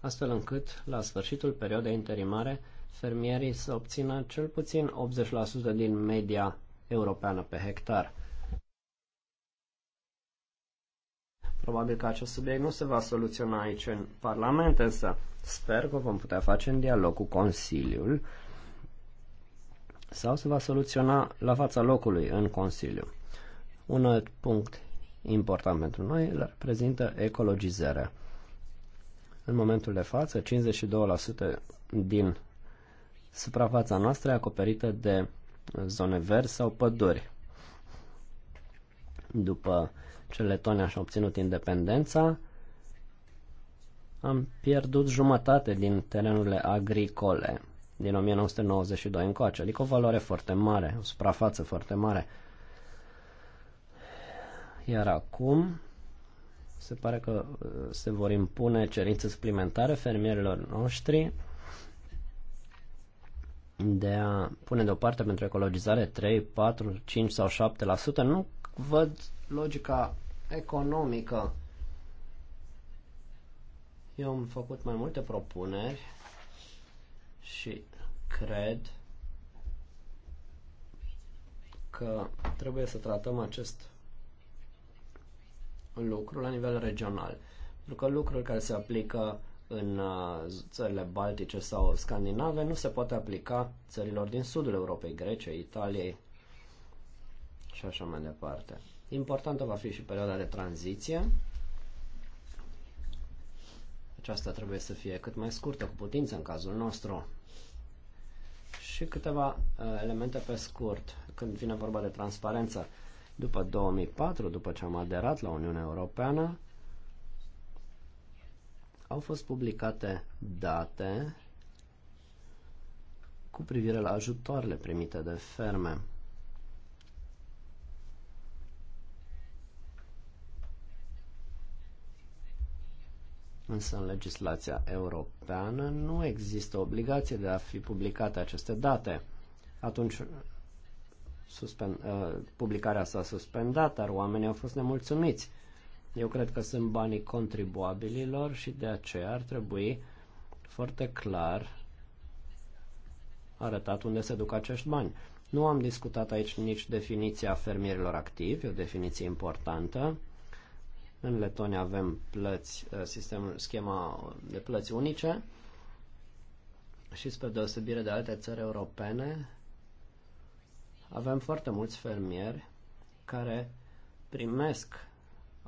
astfel încât la sfârșitul perioadei interimare fermierii să obțină cel puțin 80% din media europeană pe hectar. Probabil că acest subiect nu se va soluționa aici în Parlament, însă sper că vom putea face în dialog cu Consiliul sau se va soluționa la fața locului în Consiliu. Un alt punct important pentru noi îl reprezintă ecologizarea. În momentul de față, 52% din suprafața noastră e acoperită de zone verzi sau păduri. După ce Letonia și-a obținut independența, am pierdut jumătate din terenurile agricole din 1992 încoace, adică o valoare foarte mare, o suprafață foarte mare. Iar acum se pare că uh, se vor impune cerințe suplimentare fermierilor noștri de a pune deoparte pentru ecologizare 3, 4, 5 sau 7%. Nu văd logica economică. Eu am făcut mai multe propuneri și cred că trebuie să tratăm acest lucru la nivel regional. Pentru că lucrul care se aplică în uh, țările baltice sau scandinave nu se poate aplica țărilor din sudul Europei, Grecia, Italiei și așa mai departe. Importantă va fi și perioada de tranziție. Aceasta trebuie să fie cât mai scurtă, cu putință în cazul nostru. Și câteva uh, elemente pe scurt, când vine vorba de transparență. După 2004, după ce am aderat la Uniunea Europeană, au fost publicate date cu privire la ajutoarele primite de ferme. Însă în legislația europeană nu există obligație de a fi publicate aceste date. Atunci suspend, uh, publicarea s-a suspendat, dar oamenii au fost nemulțumiți. Eu cred că sunt banii contribuabililor și de aceea ar trebui foarte clar arătat unde se duc acești bani. Nu am discutat aici nici definiția fermierilor activi, o definiție importantă. În Letonia avem plăți, uh, sistemul, schema de plăți unice și spre deosebire de alte țări europene, avem foarte mulți fermieri care primesc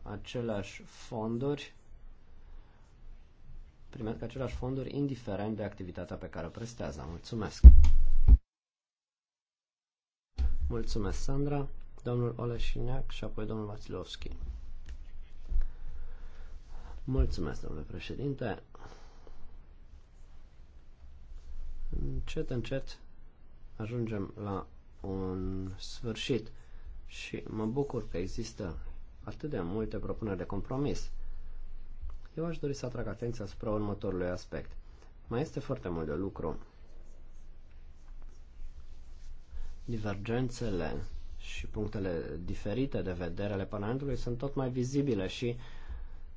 aceleași fonduri primesc aceleași fonduri indiferent de activitatea pe care o prestează. Mulțumesc! Mulțumesc, Sandra, domnul Oleșiniac și apoi domnul Vasilovski. Mulțumesc, domnule președinte. Încet, încet ajungem la un sfârșit și mă bucur că există atât de multe propuneri de compromis. Eu aș dori să atrag atenția asupra următorului aspect. Mai este foarte mult de lucru. Divergențele și punctele diferite de vedere ale Parlamentului sunt tot mai vizibile și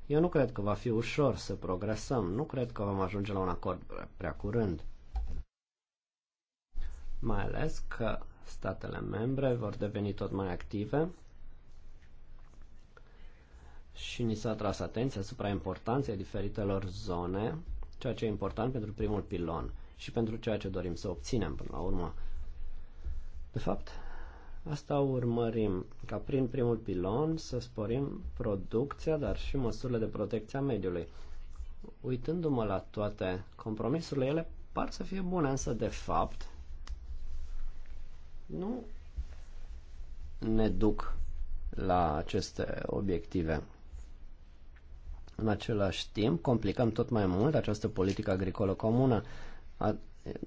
eu nu cred că va fi ușor să progresăm, nu cred că vom ajunge la un acord prea curând. Mai ales că statele membre vor deveni tot mai active și ni s-a tras atenția asupra importanței diferitelor zone, ceea ce e important pentru primul pilon și pentru ceea ce dorim să obținem până la urmă. De fapt, asta urmărim, ca prin primul pilon să sporim producția, dar și măsurile de protecție a mediului. Uitându-mă la toate compromisurile, ele par să fie bune, însă de fapt nu ne duc la aceste obiective. În același timp, complicăm tot mai mult această politică agricolă comună.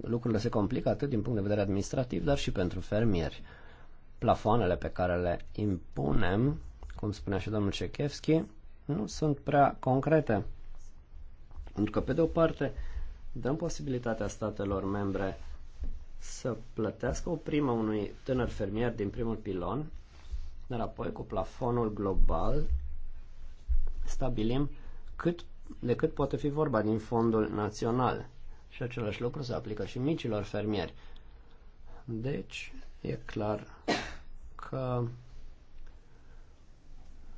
lucrurile se complică atât din punct de vedere administrativ, dar și pentru fermieri. Plafoanele pe care le impunem, cum spunea și domnul Cechevski, nu sunt prea concrete. Pentru că, pe de o parte, dăm posibilitatea statelor membre să plătească o primă unui tânăr fermier din primul pilon, dar apoi cu plafonul global stabilim cât, de cât poate fi vorba din fondul național. Și același lucru se aplică și micilor fermieri. Deci, e clar că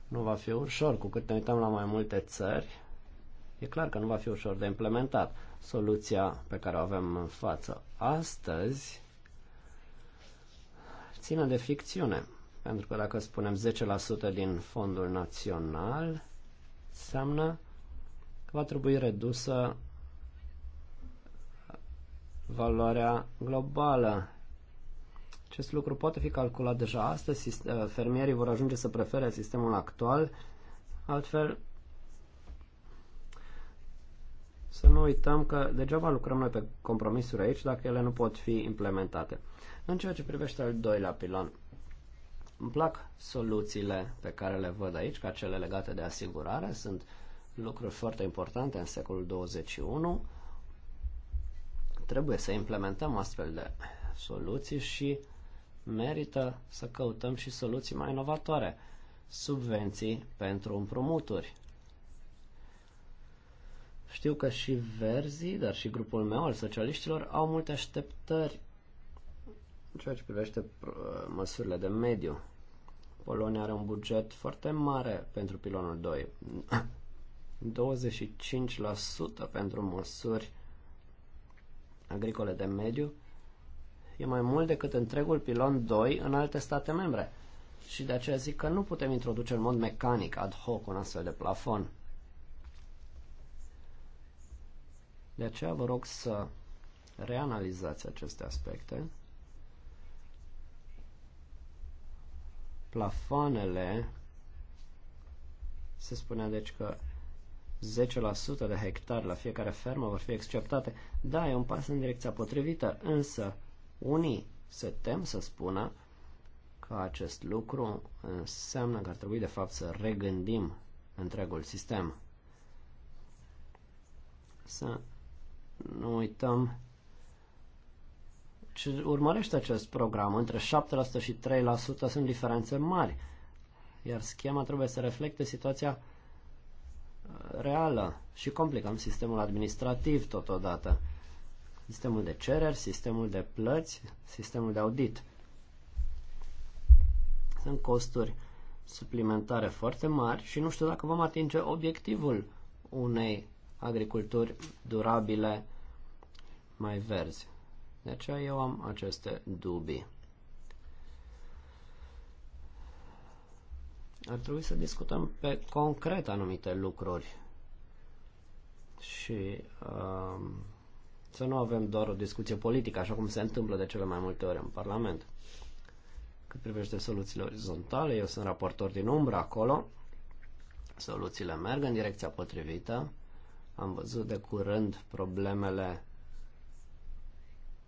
nu va fi ușor. Cu cât ne uităm la mai multe țări, e clar că nu va fi ușor de implementat. Soluția pe care o avem în față astăzi ține de ficțiune. Pentru că dacă spunem 10% din fondul național, înseamnă că va trebui redusă valoarea globală. Acest lucru poate fi calculat deja astăzi. Fermierii vor ajunge să prefere sistemul actual, altfel să nu uităm că degeaba lucrăm noi pe compromisuri aici dacă ele nu pot fi implementate. În ceea ce privește al doilea pilon, îmi plac soluțiile pe care le văd aici, ca cele legate de asigurare, sunt lucruri foarte importante în secolul 21. Trebuie să implementăm astfel de soluții și merită să căutăm și soluții mai inovatoare. Subvenții pentru împrumuturi, știu că și Verzii, dar și grupul meu al socialiștilor au multe așteptări în ceea ce privește uh, măsurile de mediu. Polonia are un buget foarte mare pentru pilonul 2. 25% pentru măsuri agricole de mediu e mai mult decât întregul pilon 2 în alte state membre. Și de aceea zic că nu putem introduce în mod mecanic, ad hoc, un astfel de plafon. De aceea vă rog să reanalizați aceste aspecte. Plafoanele, se spunea deci că 10% de hectare la fiecare fermă vor fi acceptate. Da, e un pas în direcția potrivită, însă unii se tem să spună că acest lucru înseamnă că ar trebui de fapt să regândim întregul sistem. Să nu uităm ce urmărește acest program. Între 7% și 3% sunt diferențe mari, iar schema trebuie să reflecte situația uh, reală și complicăm sistemul administrativ totodată. Sistemul de cereri, sistemul de plăți, sistemul de audit. Sunt costuri suplimentare foarte mari și nu știu dacă vom atinge obiectivul unei agriculturi durabile mai verzi. De aceea eu am aceste dubii. Ar trebui să discutăm pe concret anumite lucruri și um, să nu avem doar o discuție politică, așa cum se întâmplă de cele mai multe ori în Parlament. Cât privește soluțiile orizontale, eu sunt raportor din umbră acolo. Soluțiile merg în direcția potrivită. Am văzut de curând problemele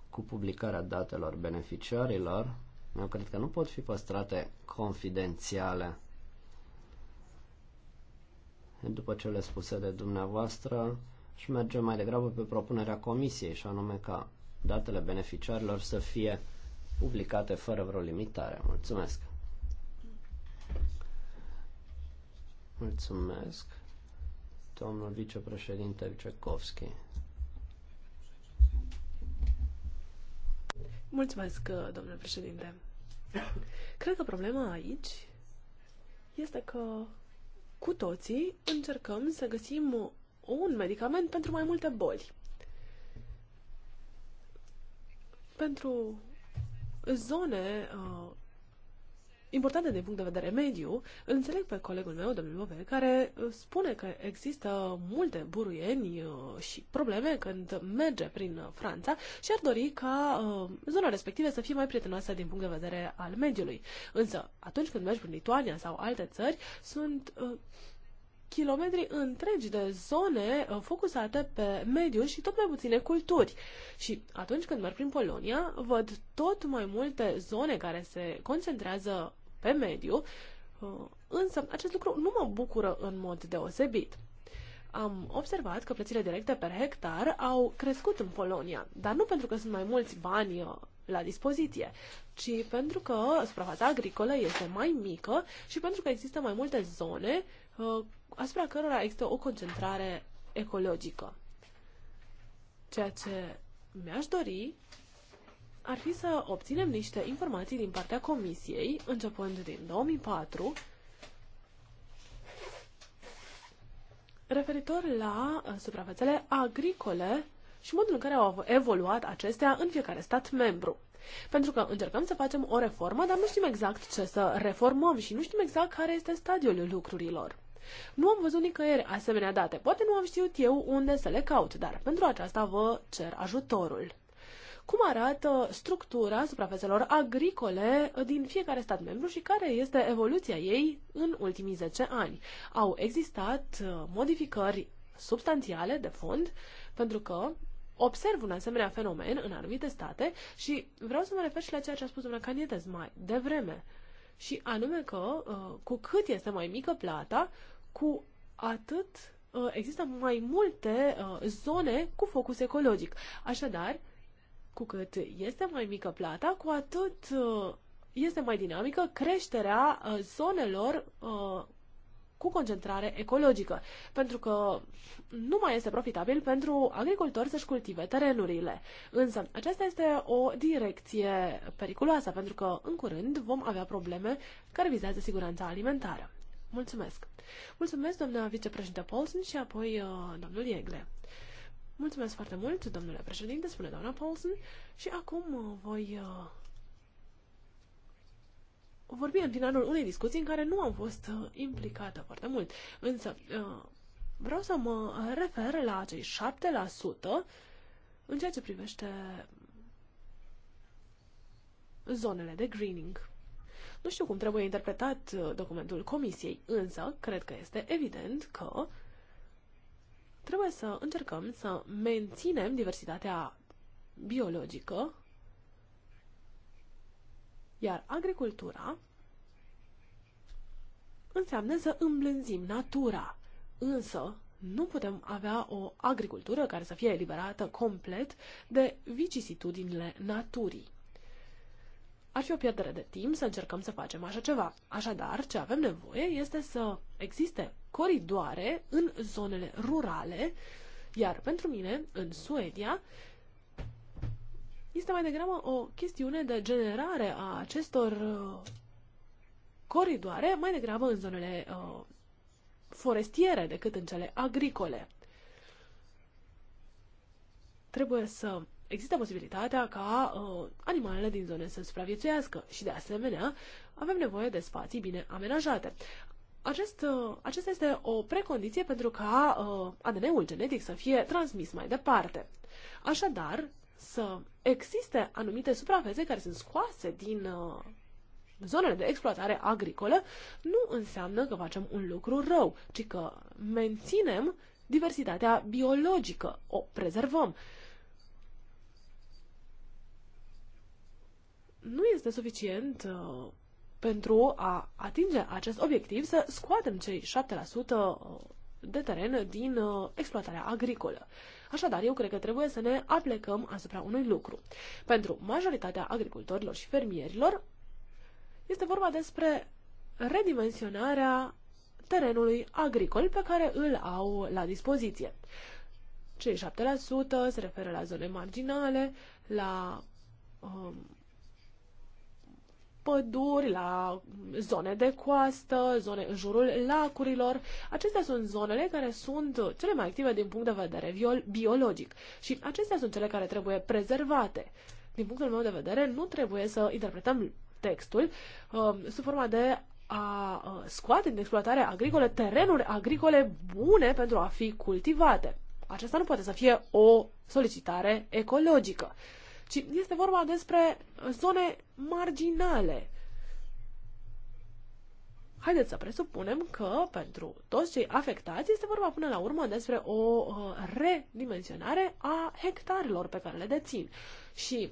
cu publicarea datelor beneficiarilor. Eu cred că nu pot fi păstrate confidențiale. După ce le spuse de dumneavoastră, și mergem mai degrabă pe propunerea comisiei, și anume ca datele beneficiarilor să fie publicate fără vreo limitare. Mulțumesc! Mulțumesc! domnul vicepreședinte Cekovski. Mulțumesc, uh, domnule președinte. Cred că problema aici este că cu toții încercăm să găsim un medicament pentru mai multe boli. Pentru zone uh, importante din punct de vedere mediu, îl înțeleg pe colegul meu, domnul Bove, care uh, spune că există multe buruieni uh, și probleme când merge prin uh, Franța și ar dori ca zona respectivă să fie mai prietenoasă din punct de vedere al mediului. Însă, atunci când mergi prin Lituania sau alte țări, sunt kilometri întregi de zone focusate pe mediu și tot mai puține culturi. Și atunci când merg prin Polonia, văd tot mai multe zone care se concentrează pe mediu, uh, însă acest lucru nu mă bucură în mod deosebit. Am observat că plățile directe per hectar au crescut în Polonia, dar nu pentru că sunt mai mulți bani uh, la dispoziție, ci pentru că suprafața agricolă este mai mică și pentru că există mai multe zone uh, asupra cărora există o concentrare ecologică. Ceea ce mi-aș dori ar fi să obținem niște informații din partea Comisiei, începând din 2004, referitor la uh, suprafețele agricole și modul în care au evoluat acestea în fiecare stat membru. Pentru că încercăm să facem o reformă, dar nu știm exact ce să reformăm și nu știm exact care este stadiul lucrurilor. Nu am văzut nicăieri asemenea date. Poate nu am știut eu unde să le caut, dar pentru aceasta vă cer ajutorul cum arată structura suprafețelor agricole din fiecare stat membru și care este evoluția ei în ultimii 10 ani. Au existat uh, modificări substanțiale de fond pentru că observ un asemenea fenomen în anumite state și vreau să mă refer și la ceea ce a spus doamna Canietez mai devreme. Și anume că uh, cu cât este mai mică plata, cu atât uh, există mai multe zone cu focus ecologic. Așadar, cu cât este mai mică plata, cu atât uh, este mai dinamică creșterea uh, zonelor uh, cu concentrare ecologică, pentru că nu mai este profitabil pentru agricultori să-și cultive terenurile. Însă, aceasta este o direcție periculoasă, pentru că în curând vom avea probleme care vizează siguranța alimentară. Mulțumesc! Mulțumesc, doamna vicepreședinte Paulson și apoi uh, domnul Iegle. Mulțumesc foarte mult, domnule președinte, spune doamna Paulson Și acum uh, voi uh, vorbi în finalul unei discuții în care nu am fost uh, implicată foarte mult. Însă uh, vreau să mă refer la acei 7% în ceea ce privește zonele de greening. Nu știu cum trebuie interpretat uh, documentul comisiei, însă cred că este evident că Trebuie să încercăm să menținem diversitatea biologică, iar agricultura înseamnă să îmblânzim natura. Însă, nu putem avea o agricultură care să fie eliberată complet de vicisitudinile naturii. Ar fi o pierdere de timp să încercăm să facem așa ceva. Așadar, ce avem nevoie este să existe coridoare în zonele rurale, iar pentru mine, în Suedia, este mai degrabă o chestiune de generare a acestor uh, coridoare, mai degrabă în zonele uh, forestiere decât în cele agricole. Trebuie să există posibilitatea ca uh, animalele din zone să supraviețuiască și, de asemenea, avem nevoie de spații bine amenajate acest, uh, acesta este o precondiție pentru ca uh, ADN-ul genetic să fie transmis mai departe. Așadar, să existe anumite suprafețe care sunt scoase din uh, zonele de exploatare agricolă, nu înseamnă că facem un lucru rău, ci că menținem diversitatea biologică, o prezervăm. Nu este suficient uh, pentru a atinge acest obiectiv să scoatem cei 7% uh, de teren din uh, exploatarea agricolă. Așadar, eu cred că trebuie să ne aplecăm asupra unui lucru. Pentru majoritatea agricultorilor și fermierilor, este vorba despre redimensionarea terenului agricol pe care îl au la dispoziție. Cei 7% se referă la zone marginale, la um, păduri, la zone de coastă, zone în jurul lacurilor. Acestea sunt zonele care sunt cele mai active din punct de vedere biologic și acestea sunt cele care trebuie prezervate. Din punctul meu de vedere, nu trebuie să interpretăm textul uh, sub forma de a uh, scoate din exploatare agricole terenuri agricole bune pentru a fi cultivate. Aceasta nu poate să fie o solicitare ecologică ci este vorba despre zone marginale. Haideți să presupunem că pentru toți cei afectați este vorba până la urmă despre o uh, redimensionare a hectarelor pe care le dețin. Și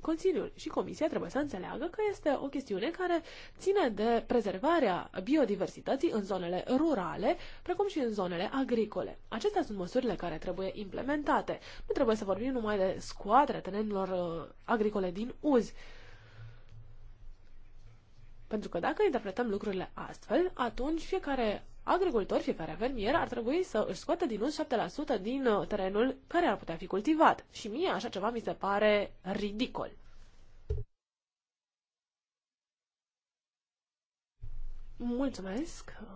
Consiliul și Comisia trebuie să înțeleagă că este o chestiune care ține de prezervarea biodiversității în zonele rurale, precum și în zonele agricole. Acestea sunt măsurile care trebuie implementate. Nu trebuie să vorbim numai de scoaterea terenilor uh, agricole din uz. Pentru că dacă interpretăm lucrurile astfel, atunci fiecare agricultori, fiecare fermier ar trebui să își scoată din un 7% din uh, terenul care ar putea fi cultivat. Și mie așa ceva mi se pare ridicol. Mulțumesc, uh,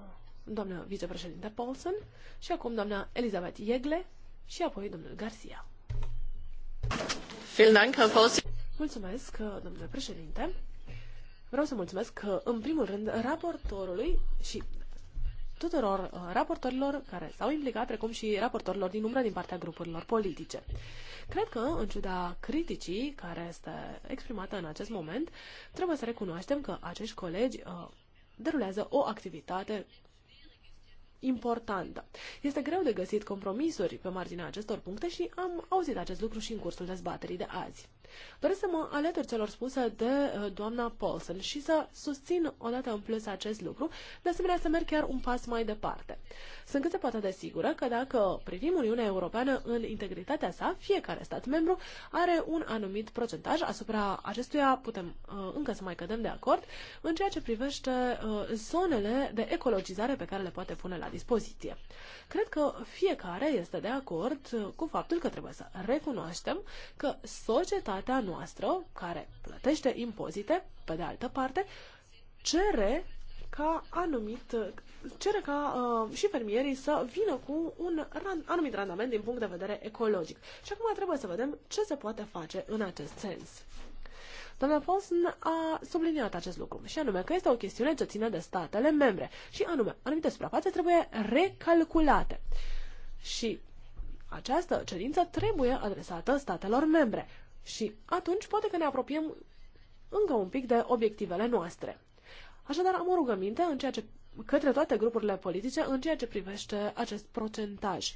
doamna vicepreședinte Paulson și acum doamna Elizabeth Iegle și apoi domnul Garcia. Mulțumesc, uh, domnule președinte. Vreau să mulțumesc, în primul rând, raportorului și tuturor uh, raportorilor care s-au implicat, precum și raportorilor din umbră din partea grupurilor politice. Cred că, în ciuda criticii care este exprimată în acest moment, trebuie să recunoaștem că acești colegi uh, derulează o activitate importantă. Este greu de găsit compromisuri pe marginea acestor puncte și am auzit acest lucru și în cursul dezbaterii de azi. Doresc să mă alătur celor spuse de uh, doamna Paulson și să susțin odată în plus acest lucru, de asemenea să merg chiar un pas mai departe. Sunt cât se poate de sigură că dacă privim Uniunea Europeană în integritatea sa, fiecare stat membru are un anumit procentaj, asupra acestuia putem uh, încă să mai cădem de acord, în ceea ce privește uh, zonele de ecologizare pe care le poate pune la dispoziție. Cred că fiecare este de acord cu faptul că trebuie să recunoaștem că societatea societatea noastră, care plătește impozite, pe de altă parte, cere ca anumit, cere ca uh, și fermierii să vină cu un ran, anumit randament din punct de vedere ecologic. Și acum trebuie să vedem ce se poate face în acest sens. Doamna Paulson a subliniat acest lucru și anume că este o chestiune ce ține de statele membre și anume anumite suprafațe trebuie recalculate. Și această cerință trebuie adresată statelor membre. Și atunci poate că ne apropiem încă un pic de obiectivele noastre. Așadar, am o rugăminte în ceea ce, către toate grupurile politice în ceea ce privește acest procentaj.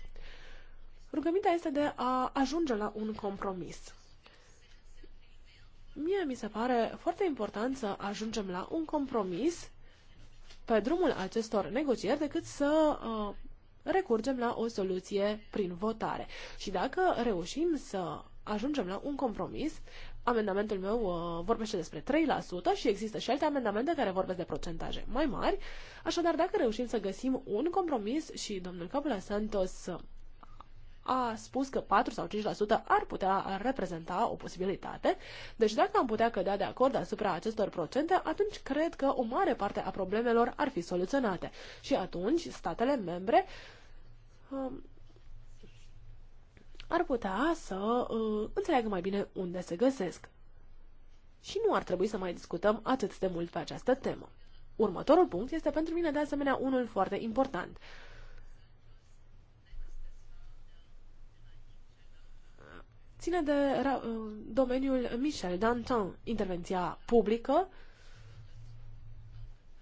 Rugămintea este de a ajunge la un compromis. Mie mi se pare foarte important să ajungem la un compromis pe drumul acestor negocieri decât să uh, recurgem la o soluție prin votare. Și dacă reușim să ajungem la un compromis. Amendamentul meu uh, vorbește despre 3% și există și alte amendamente care vorbesc de procentaje mai mari. Așadar, dacă reușim să găsim un compromis și domnul Capula Santos a spus că 4 sau 5% ar putea reprezenta o posibilitate. Deci dacă am putea cădea de acord asupra acestor procente, atunci cred că o mare parte a problemelor ar fi soluționate. Și atunci statele membre um, ar putea să uh, înțeleagă mai bine unde se găsesc. Și nu ar trebui să mai discutăm atât de mult pe această temă. Următorul punct este pentru mine de asemenea unul foarte important. Ține de uh, domeniul Michel Danton, intervenția publică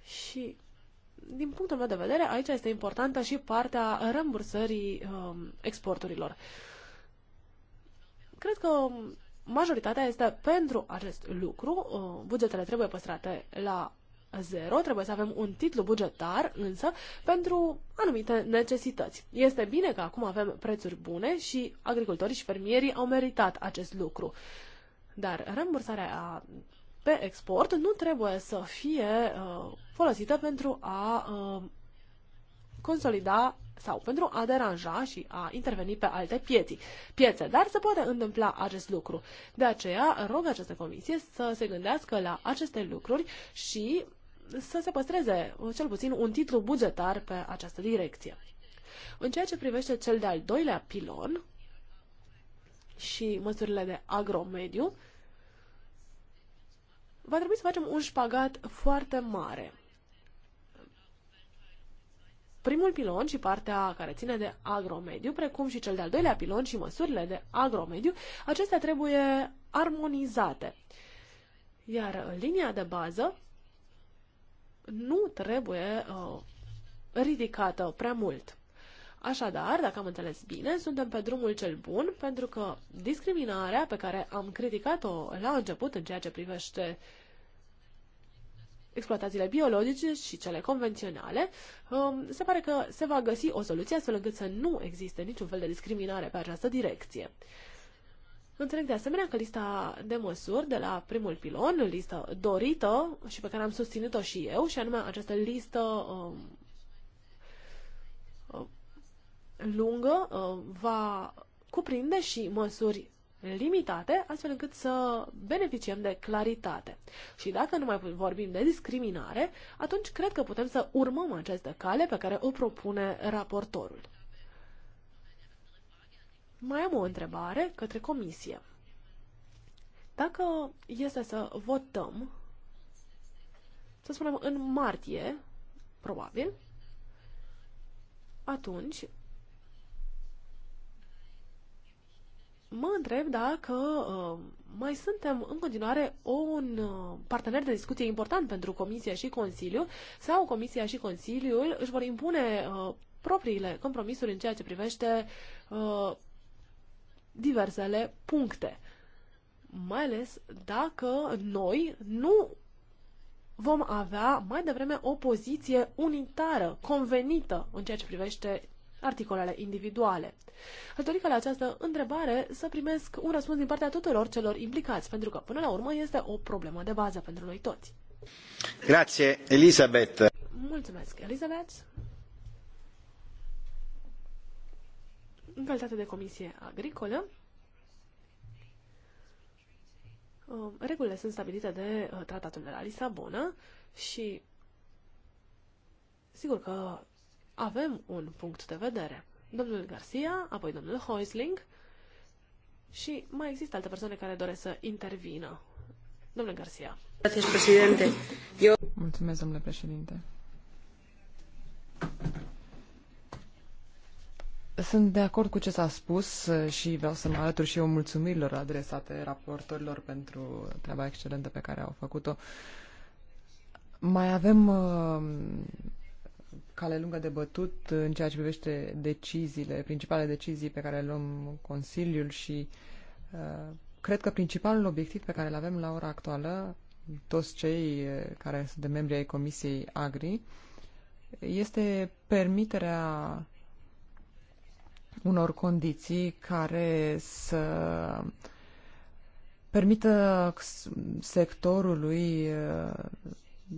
și din punctul meu de vedere, aici este importantă și partea rambursării um, exporturilor. Uh, Cred că majoritatea este pentru acest lucru. Uh, bugetele trebuie păstrate la zero, trebuie să avem un titlu bugetar, însă, pentru anumite necesități. Este bine că acum avem prețuri bune și agricultorii și fermierii au meritat acest lucru. Dar rambursarea pe export nu trebuie să fie uh, folosită pentru a uh, consolida sau pentru a deranja și a interveni pe alte pieții, piețe. Dar se poate întâmpla acest lucru. De aceea rog această comisie să se gândească la aceste lucruri și să se păstreze cel puțin un titlu bugetar pe această direcție. În ceea ce privește cel de-al doilea pilon și măsurile de agromediu, va trebui să facem un șpagat foarte mare primul pilon și partea care ține de agromediu, precum și cel de-al doilea pilon și măsurile de agromediu, acestea trebuie armonizate. Iar linia de bază nu trebuie uh, ridicată prea mult. Așadar, dacă am înțeles bine, suntem pe drumul cel bun pentru că discriminarea pe care am criticat-o la început în ceea ce privește exploatațiile biologice și cele convenționale, um, se pare că se va găsi o soluție astfel încât să nu existe niciun fel de discriminare pe această direcție. Înțeleg de asemenea că lista de măsuri de la primul pilon, lista dorită și pe care am susținut-o și eu, și anume această listă um, um lungă, um, va cuprinde și măsuri limitate, astfel încât să beneficiem de claritate. Și dacă nu mai vorbim de discriminare, atunci cred că putem să urmăm această cale pe care o propune raportorul. Mai am o întrebare către comisie. Dacă este să votăm, să spunem în martie, probabil, atunci mă întreb dacă uh, mai suntem în continuare un uh, partener de discuție important pentru Comisia și Consiliu sau Comisia și Consiliul își vor impune uh, propriile compromisuri în ceea ce privește uh, diversele puncte. Mai ales dacă noi nu vom avea mai devreme o poziție unitară, convenită în ceea ce privește articolele individuale. Aș dori ca la această întrebare să primesc un răspuns din partea tuturor celor implicați, pentru că până la urmă este o problemă de bază pentru noi toți. Grazie, Elisabeth. Mulțumesc, Elisabeth. În calitate de comisie agricolă, uh, regulile sunt stabilite de uh, tratatul de la Lisabona și sigur că avem un punct de vedere. Domnul Garcia, apoi domnul Heusling și mai există alte persoane care doresc să intervină. Domnul Garcia. Mulțumesc, domnule președinte. Sunt de acord cu ce s-a spus uh, și vreau să mă alătur și eu mulțumirilor adresate raportorilor pentru treaba excelentă pe care au făcut-o. Mai avem uh, cale lungă de bătut în ceea ce privește deciziile, principalele decizii pe care le luăm Consiliul și uh, cred că principalul obiectiv pe care îl avem la ora actuală, toți cei uh, care sunt de membri ai Comisiei Agri, este permiterea unor condiții care să permită sectorului uh,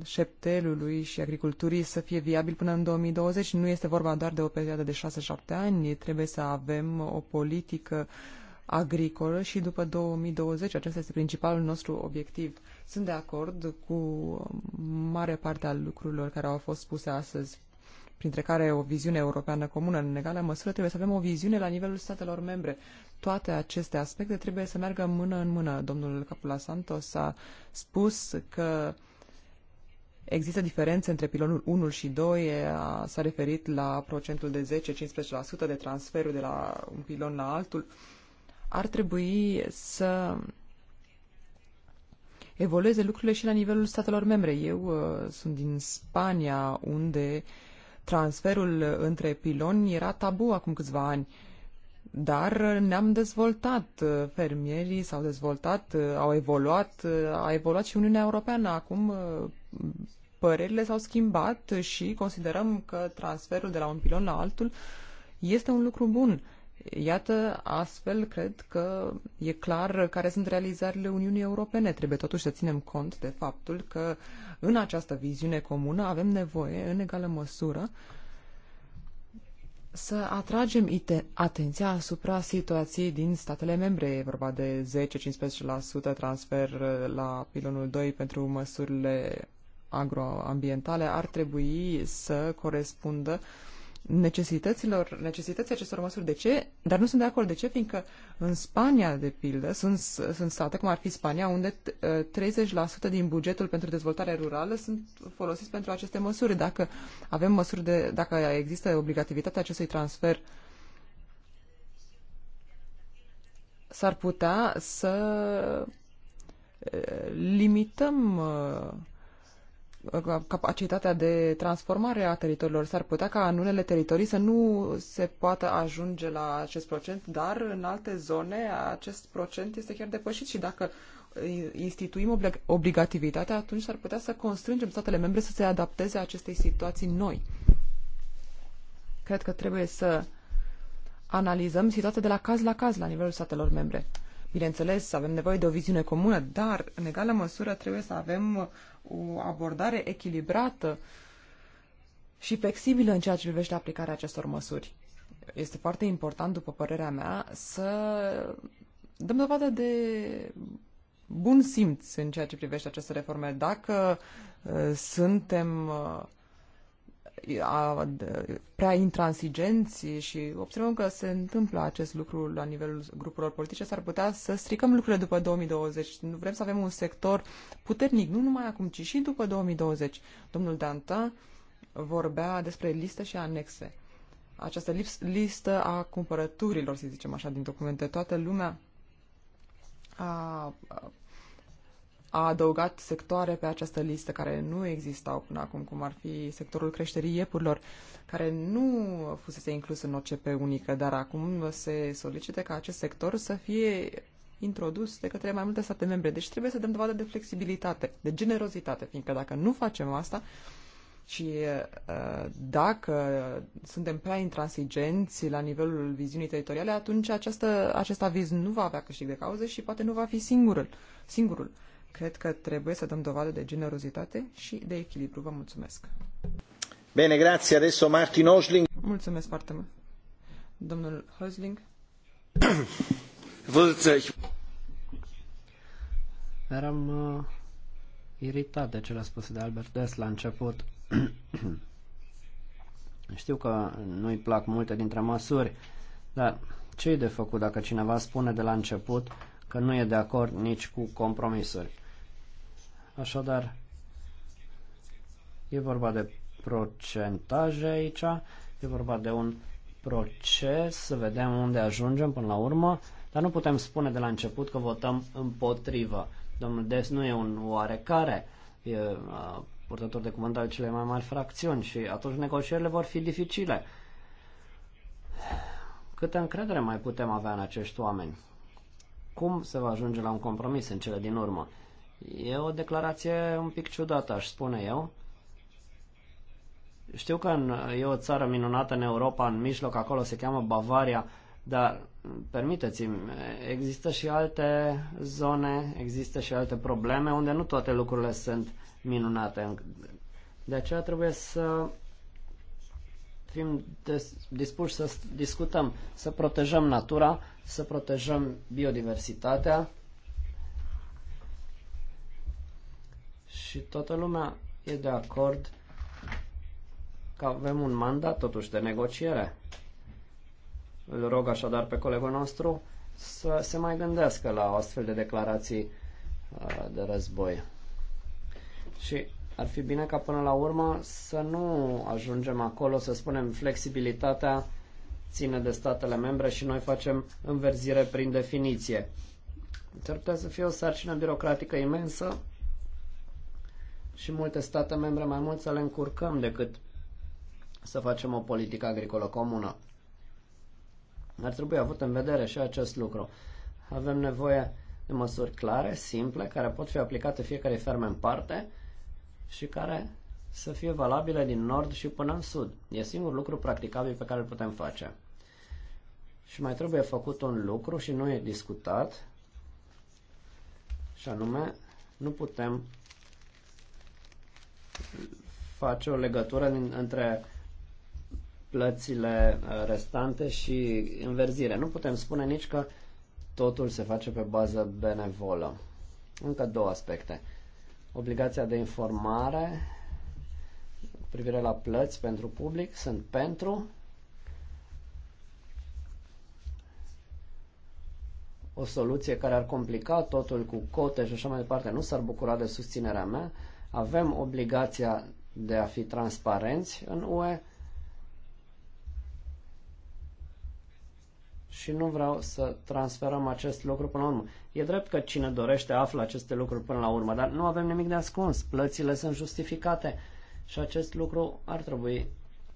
șeptelului și agriculturii să fie viabil până în 2020. Nu este vorba doar de o perioadă de 6-7 ani, trebuie să avem o politică agricolă și după 2020. Acesta este principalul nostru obiectiv. Sunt de acord cu mare parte a lucrurilor care au fost spuse astăzi printre care o viziune europeană comună în egală măsură, trebuie să avem o viziune la nivelul statelor membre. Toate aceste aspecte trebuie să meargă mână în mână. Domnul Capula Santos a spus că Există diferențe între pilonul 1 și 2, s-a referit la procentul de 10-15% de transferul de la un pilon la altul. Ar trebui să evolueze lucrurile și la nivelul statelor membre. Eu uh, sunt din Spania, unde transferul între piloni era tabu acum câțiva ani. Dar ne-am dezvoltat, uh, fermierii s-au dezvoltat, uh, au evoluat, a evoluat și Uniunea Europeană. Acum părerile s-au schimbat și considerăm că transferul de la un pilon la altul este un lucru bun. Iată, astfel cred că e clar care sunt realizările Uniunii Europene. Trebuie totuși să ținem cont de faptul că în această viziune comună avem nevoie, în egală măsură, să atragem atenția asupra situației din statele membre. E vorba de 10-15% transfer la pilonul 2 pentru măsurile agroambientale ar trebui să corespundă necesităților, necesității acestor măsuri. De ce? Dar nu sunt de acord. De ce? Fiindcă în Spania, de pildă, sunt, sunt state, cum ar fi Spania, unde 30% ă, din bugetul pentru dezvoltare rurală sunt folosiți pentru aceste măsuri. Dacă avem măsuri de, dacă există obligativitatea acestui transfer, s-ar putea să ă, limităm ă, capacitatea de transformare a teritoriilor. S-ar putea ca în unele teritorii să nu se poată ajunge la acest procent, dar în alte zone acest procent este chiar depășit și dacă instituim obligativitatea, atunci s-ar putea să constrângem statele membre să se adapteze acestei situații noi. Cred că trebuie să analizăm situația de la caz la caz la nivelul statelor membre. Bineînțeles, avem nevoie de o viziune comună, dar, în egală măsură, trebuie să avem o abordare echilibrată și flexibilă în ceea ce privește aplicarea acestor măsuri. Este foarte important, după părerea mea, să dăm dovadă de bun simț în ceea ce privește aceste reforme. Dacă uh, suntem uh, a, prea intransigenți și observăm că se întâmplă acest lucru la nivelul grupurilor politice, s-ar putea să stricăm lucrurile după 2020. Nu vrem să avem un sector puternic, nu numai acum, ci și după 2020. Domnul Danta vorbea despre listă și anexe. Această listă a cumpărăturilor, să zicem așa, din documente. Toată lumea a a adăugat sectoare pe această listă care nu existau până acum, cum ar fi sectorul creșterii iepurilor, care nu fusese inclus în OCP unică, dar acum se solicită ca acest sector să fie introdus de către mai multe state membre. Deci trebuie să dăm dovadă de flexibilitate, de generozitate, fiindcă dacă nu facem asta, și uh, dacă suntem prea intransigenți la nivelul viziunii teritoriale, atunci această, acest aviz nu va avea câștig de cauză și poate nu va fi singurul. singurul. Cred că trebuie să dăm dovadă de generozitate și de echilibru. Vă mulțumesc. Bine, grazie. Adesso Martin Osling. Mulțumesc foarte mult. Domnul Hosling. Eram uh, iritat de ce l-a spus de Albert Des la început. Știu că nu-i plac multe dintre măsuri, dar ce e de făcut dacă cineva spune de la început că nu e de acord nici cu compromisuri? Așadar, e vorba de procentaje aici, e vorba de un proces, să vedem unde ajungem până la urmă, dar nu putem spune de la început că votăm împotrivă. Domnul Des nu e un oarecare, e purtător de cuvânt al celei mai mari fracțiuni și atunci negocierile vor fi dificile. Câtă încredere mai putem avea în acești oameni? Cum se va ajunge la un compromis în cele din urmă? E o declarație un pic ciudată, aș spune eu. Știu că în, e o țară minunată în Europa, în mijloc, acolo se cheamă Bavaria, dar permiteți-mi, există și alte zone, există și alte probleme unde nu toate lucrurile sunt minunate. De aceea trebuie să fim dispuși să discutăm, să protejăm natura, să protejăm biodiversitatea, și toată lumea e de acord că avem un mandat totuși de negociere. Îl rog așadar pe colegul nostru să se mai gândească la o astfel de declarații uh, de război. Și ar fi bine ca până la urmă să nu ajungem acolo să spunem flexibilitatea ține de statele membre și noi facem înverzire prin definiție. S-ar putea să fie o sarcină birocratică imensă și multe state membre mai mult să le încurcăm decât să facem o politică agricolă comună. Ar trebui avut în vedere și acest lucru. Avem nevoie de măsuri clare, simple, care pot fi aplicate fiecare ferme în parte și care să fie valabile din nord și până în sud. E singurul lucru practicabil pe care îl putem face. Și mai trebuie făcut un lucru și nu e discutat, și anume nu putem face o legătură între plățile uh, restante și înverzire. Nu putem spune nici că totul se face pe bază benevolă. Încă două aspecte. Obligația de informare cu privire la plăți pentru public sunt pentru. O soluție care ar complica totul cu cote și așa mai departe nu s-ar bucura de susținerea mea. Avem obligația de a fi transparenți în UE și nu vreau să transferăm acest lucru până la urmă. E drept că cine dorește află aceste lucruri până la urmă, dar nu avem nimic de ascuns. Plățile sunt justificate și acest lucru ar trebui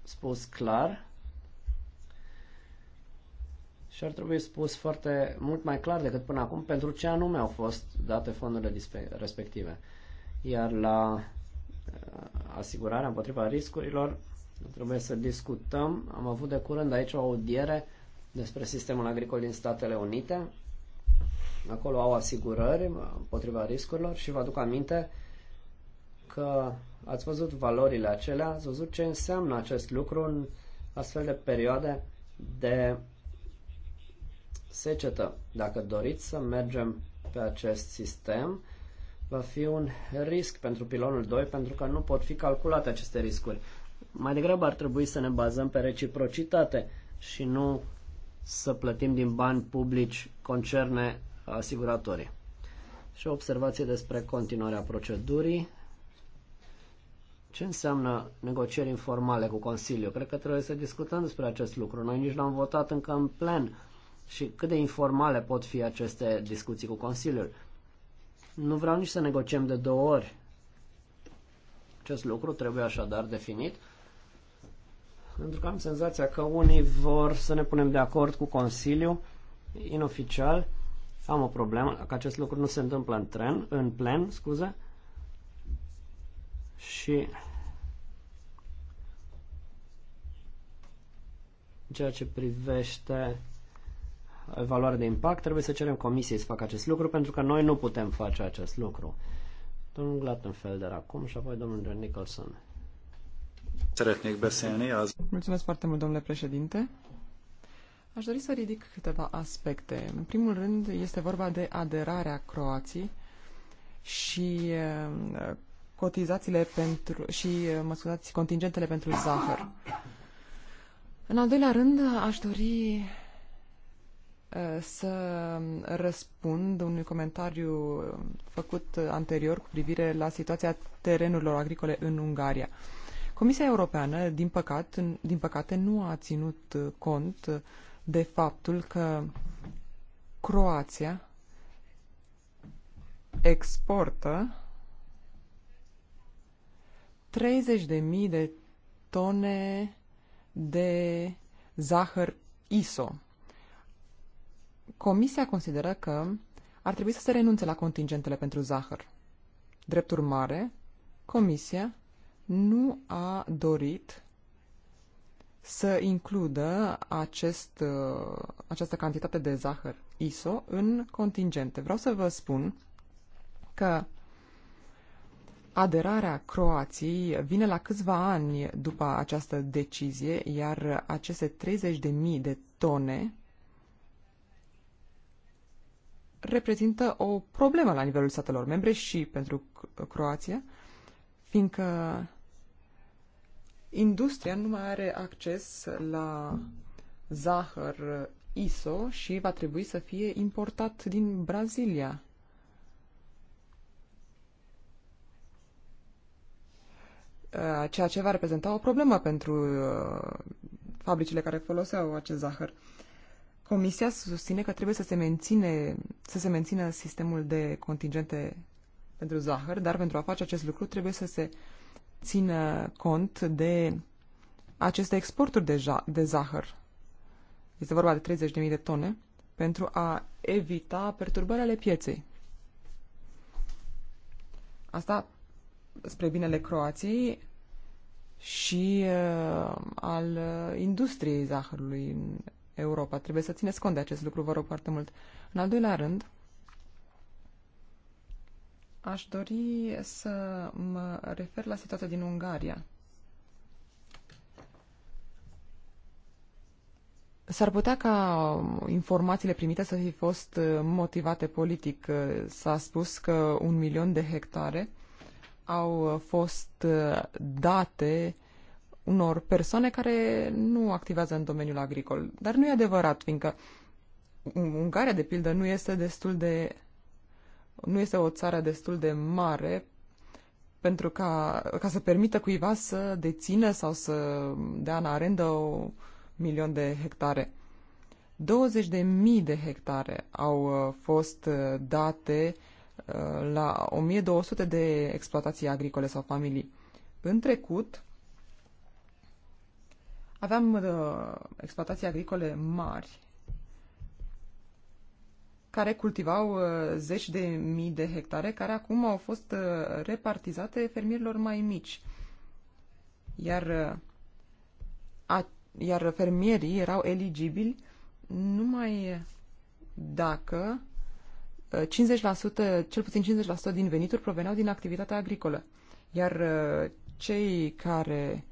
spus clar și ar trebui spus foarte mult mai clar decât până acum pentru ce anume au fost date fondurile respective. Iar la asigurarea împotriva riscurilor. Trebuie să discutăm. Am avut de curând aici o audiere despre sistemul agricol din Statele Unite. Acolo au asigurări împotriva riscurilor și vă aduc aminte că ați văzut valorile acelea, ați văzut ce înseamnă acest lucru în astfel de perioade de secetă. Dacă doriți să mergem pe acest sistem, va fi un risc pentru pilonul 2 pentru că nu pot fi calculate aceste riscuri. Mai degrabă ar trebui să ne bazăm pe reciprocitate și nu să plătim din bani publici concerne asiguratorii. Și o observație despre continuarea procedurii. Ce înseamnă negocieri informale cu Consiliu? Cred că trebuie să discutăm despre acest lucru. Noi nici l-am votat încă în plen. Și cât de informale pot fi aceste discuții cu Consiliul? Nu vreau nici să negociem de două ori. Acest lucru trebuie așadar definit, pentru că am senzația că unii vor să ne punem de acord cu Consiliu, inoficial. Am o problemă, că acest lucru nu se întâmplă în, tren, în plen, scuze, și ceea ce privește evaluare de impact, trebuie să cerem comisiei să facă acest lucru, pentru că noi nu putem face acest lucru. Domnul Glattenfelder acum și apoi domnul John Nicholson. Mulțumesc foarte mult, domnule președinte. Aș dori să ridic câteva aspecte. În primul rând, este vorba de aderarea Croației și eh, cotizațiile pentru și, eh, mă scuzați, contingentele pentru zahăr. În al doilea rând, aș dori să răspund unui comentariu făcut anterior cu privire la situația terenurilor agricole în Ungaria. Comisia Europeană, din, păcat, din păcate, nu a ținut cont de faptul că Croația exportă 30.000 de tone de zahăr ISO Comisia consideră că ar trebui să se renunțe la contingentele pentru zahăr. Drept urmare, Comisia nu a dorit să includă acest, uh, această cantitate de zahăr ISO în contingente. Vreau să vă spun că aderarea Croației vine la câțiva ani după această decizie, iar aceste 30.000 de tone reprezintă o problemă la nivelul statelor membre și pentru Croația, fiindcă industria nu mai are acces la zahăr ISO și va trebui să fie importat din Brazilia. Ceea ce va reprezenta o problemă pentru uh, fabricile care foloseau acest zahăr. Comisia susține că trebuie să se, menține, să se mențină sistemul de contingente pentru zahăr, dar pentru a face acest lucru trebuie să se țină cont de aceste exporturi de, ja- de zahăr. Este vorba de 30.000 de tone pentru a evita perturbările ale pieței. Asta spre binele Croației și uh, al uh, industriei zahărului în Europa. Trebuie să țineți cont de acest lucru, vă rog foarte mult. În al doilea rând, aș dori să mă refer la situația din Ungaria. S-ar putea ca informațiile primite să fi fost motivate politic. S-a spus că un milion de hectare au fost date unor persoane care nu activează în domeniul agricol. Dar nu e adevărat, fiindcă Ungaria, de pildă, nu este destul de nu este o țară destul de mare pentru ca, ca să permită cuiva să dețină sau să dea în arendă o milion de hectare. 20.000 de hectare au uh, fost uh, date uh, la 1200 de exploatații agricole sau familii. În trecut, Aveam uh, exploatații agricole mari care cultivau uh, zeci de mii de hectare, care acum au fost uh, repartizate fermierilor mai mici. Iar, uh, a, iar fermierii erau eligibili numai dacă 50%, uh, cel puțin 50% din venituri proveneau din activitatea agricolă. Iar uh, cei care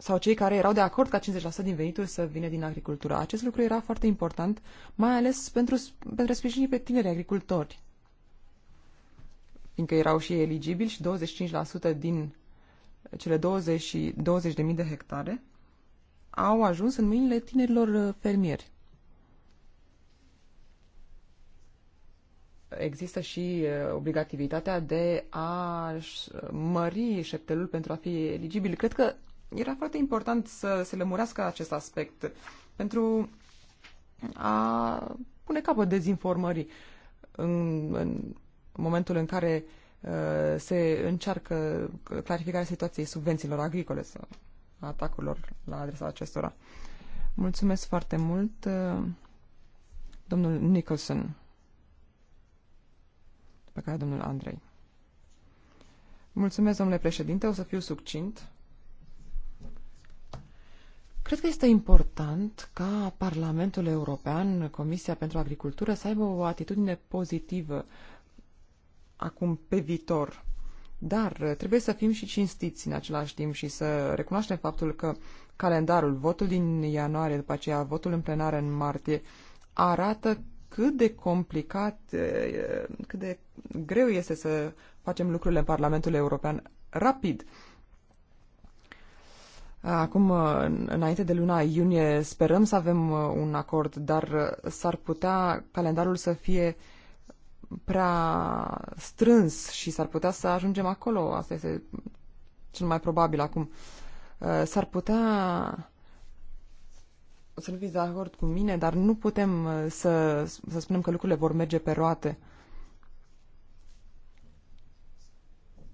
sau cei care erau de acord ca 50% din venitul să vină din agricultură. Acest lucru era foarte important, mai ales pentru, pentru sprijinii pe tineri agricultori, fiindcă erau și eligibili și 25% din eh, cele 20, 20.000 de hectare au ajuns în mâinile tinerilor eh, fermieri. Există și eh, obligativitatea de a mări șeptelul pentru a fi eligibil. Cred că era foarte important să se lămurească acest aspect pentru a pune capăt dezinformării în, în momentul în care uh, se încearcă clarificarea situației subvențiilor agricole sau atacurilor la adresa acestora. Mulțumesc foarte mult, uh, domnul Nicholson, pe care domnul Andrei. Mulțumesc, domnule președinte, o să fiu succint. Cred că este important ca Parlamentul European, Comisia pentru Agricultură, să aibă o atitudine pozitivă acum pe viitor. Dar trebuie să fim și cinstiți în același timp și să recunoaștem faptul că calendarul, votul din ianuarie, după aceea votul în plenară în martie, arată cât de complicat, cât de greu este să facem lucrurile în Parlamentul European rapid. Acum, înainte de luna iunie, sperăm să avem uh, un acord, dar uh, s-ar putea calendarul să fie prea strâns și s-ar putea să ajungem acolo. Asta este cel mai probabil acum. Uh, s-ar putea să nu fiți de acord cu mine, dar nu putem să, să spunem că lucrurile vor merge pe roate.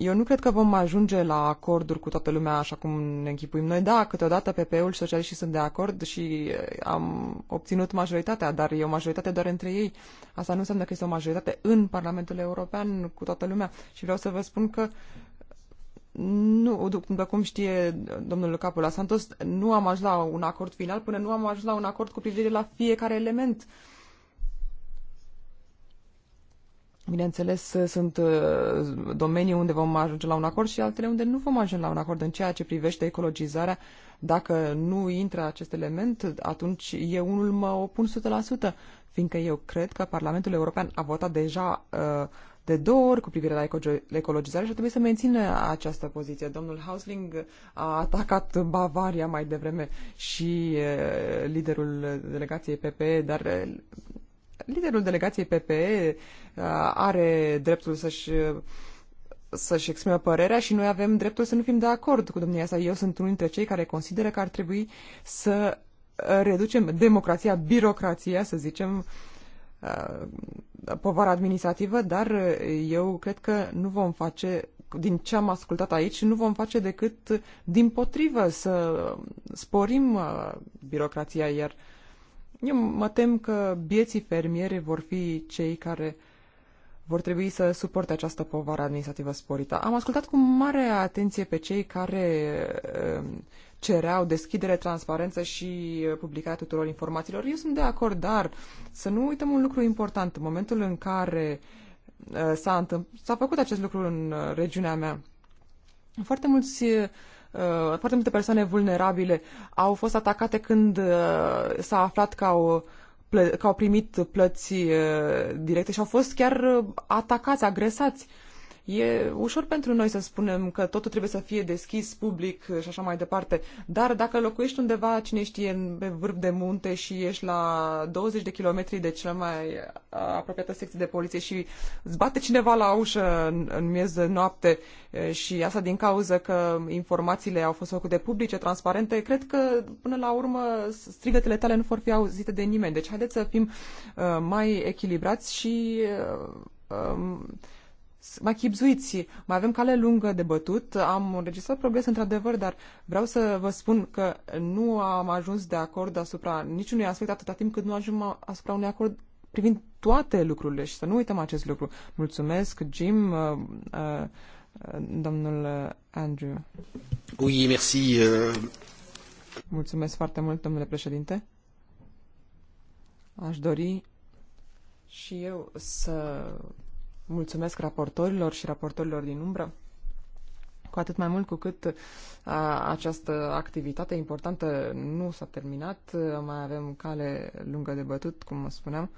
Eu nu cred că vom ajunge la acorduri cu toată lumea așa cum ne închipuim noi. Da, câteodată PP-ul și socialiștii sunt de acord și eh, am obținut majoritatea, dar e o majoritate doar între ei. Asta nu înseamnă că este o majoritate în Parlamentul European cu toată lumea. Și vreau să vă spun că nu, după cum știe domnul Capula Santos, nu am ajuns la un acord final până nu am ajuns la un acord cu privire la fiecare element uh, Bineînțeles, sunt uh, domenii unde vom ajunge la un acord și altele unde nu vom ajunge la un acord în ceea ce privește ecologizarea. Dacă nu intră acest element, atunci eu unul mă opun 100%, fiindcă eu cred că Parlamentul European a votat deja uh, de două ori cu privire la ecologizare și trebuie să mențină această poziție. Domnul Hausling a atacat Bavaria mai devreme și uh, liderul delegației PPE, dar liderul delegației PPE Uh, are dreptul să-și să-și exprime părerea și noi avem dreptul să nu fim de acord cu domnia asta. Eu sunt unul dintre cei care consideră că ar trebui să reducem democrația, birocrația, să zicem, uh, povara administrativă, dar eu cred că nu vom face, din ce am ascultat aici, nu vom face decât din potrivă să sporim uh, birocrația, iar eu mă tem că bieții fermieri vor fi cei care uh, vor trebui să suporte această povară administrativă sporită. Am ascultat cu mare atenție pe cei care um, cereau deschidere, transparență și uh, publicarea tuturor informațiilor. Eu sunt de acord, dar să nu uităm un lucru important. În momentul în care uh, s-a, s-a făcut acest lucru în uh, regiunea mea, foarte mulți foarte multe persoane vulnerabile au fost atacate când s-a aflat că au că au primit plăți uh, directe și au fost chiar uh, atacați, agresați. Uh, E ușor pentru noi să spunem că totul trebuie să fie deschis, public și așa mai departe, dar dacă locuiești undeva, cine știe, pe vârf de munte și ești la 20 de kilometri de cea mai apropiată secție de poliție și îți bate cineva la ușă în, în miez de noapte și asta din cauza că informațiile au fost făcute publice, transparente, cred că până la urmă strigătele tale nu vor fi auzite de nimeni. Deci haideți să fim uh, mai echilibrați și uh, um, mă chipzuiți, mai avem cale lungă de bătut, am înregistrat progres într-adevăr, dar vreau să vă spun că nu am ajuns de acord asupra niciunui aspect atâta timp cât nu ajung asupra unui acord privind toate lucrurile și să nu uităm acest lucru. Mulțumesc, Jim, uh, uh, domnul Andrew. Oui, merci. Uh... Mulțumesc foarte mult, domnule președinte. Aș dori și eu să mulțumesc raportorilor și raportorilor din umbră, cu atât mai mult cu cât a, uh, această activitate importantă nu s-a terminat, uh, mai avem cale lungă de bătut, cum spuneam.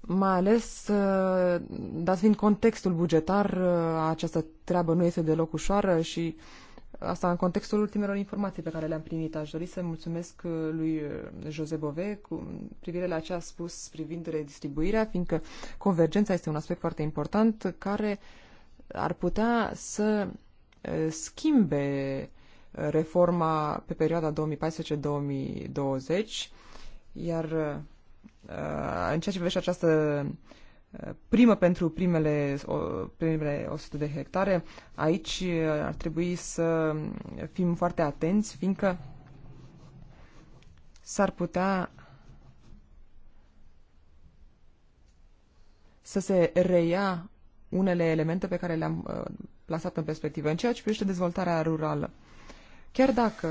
Mai ales, uh, dat fiind contextul bugetar, această treabă nu este deloc ușoară și uh, Asta în contextul ultimelor informații pe care le-am primit. Aș dori să mulțumesc uh, lui uh, Jose Bove cu privire la ce a spus privind redistribuirea, fiindcă convergența este un aspect foarte important care ar putea să uh, schimbe reforma pe perioada 2014-2020, iar în ceea ce privește această primă pentru primele, primele 100 de hectare, aici uh, ar trebui să fim foarte atenți, fiindcă s-ar putea să se reia unele elemente pe care le-am uh, plasat în perspectivă în ceea ce privește dezvoltarea rurală. Chiar dacă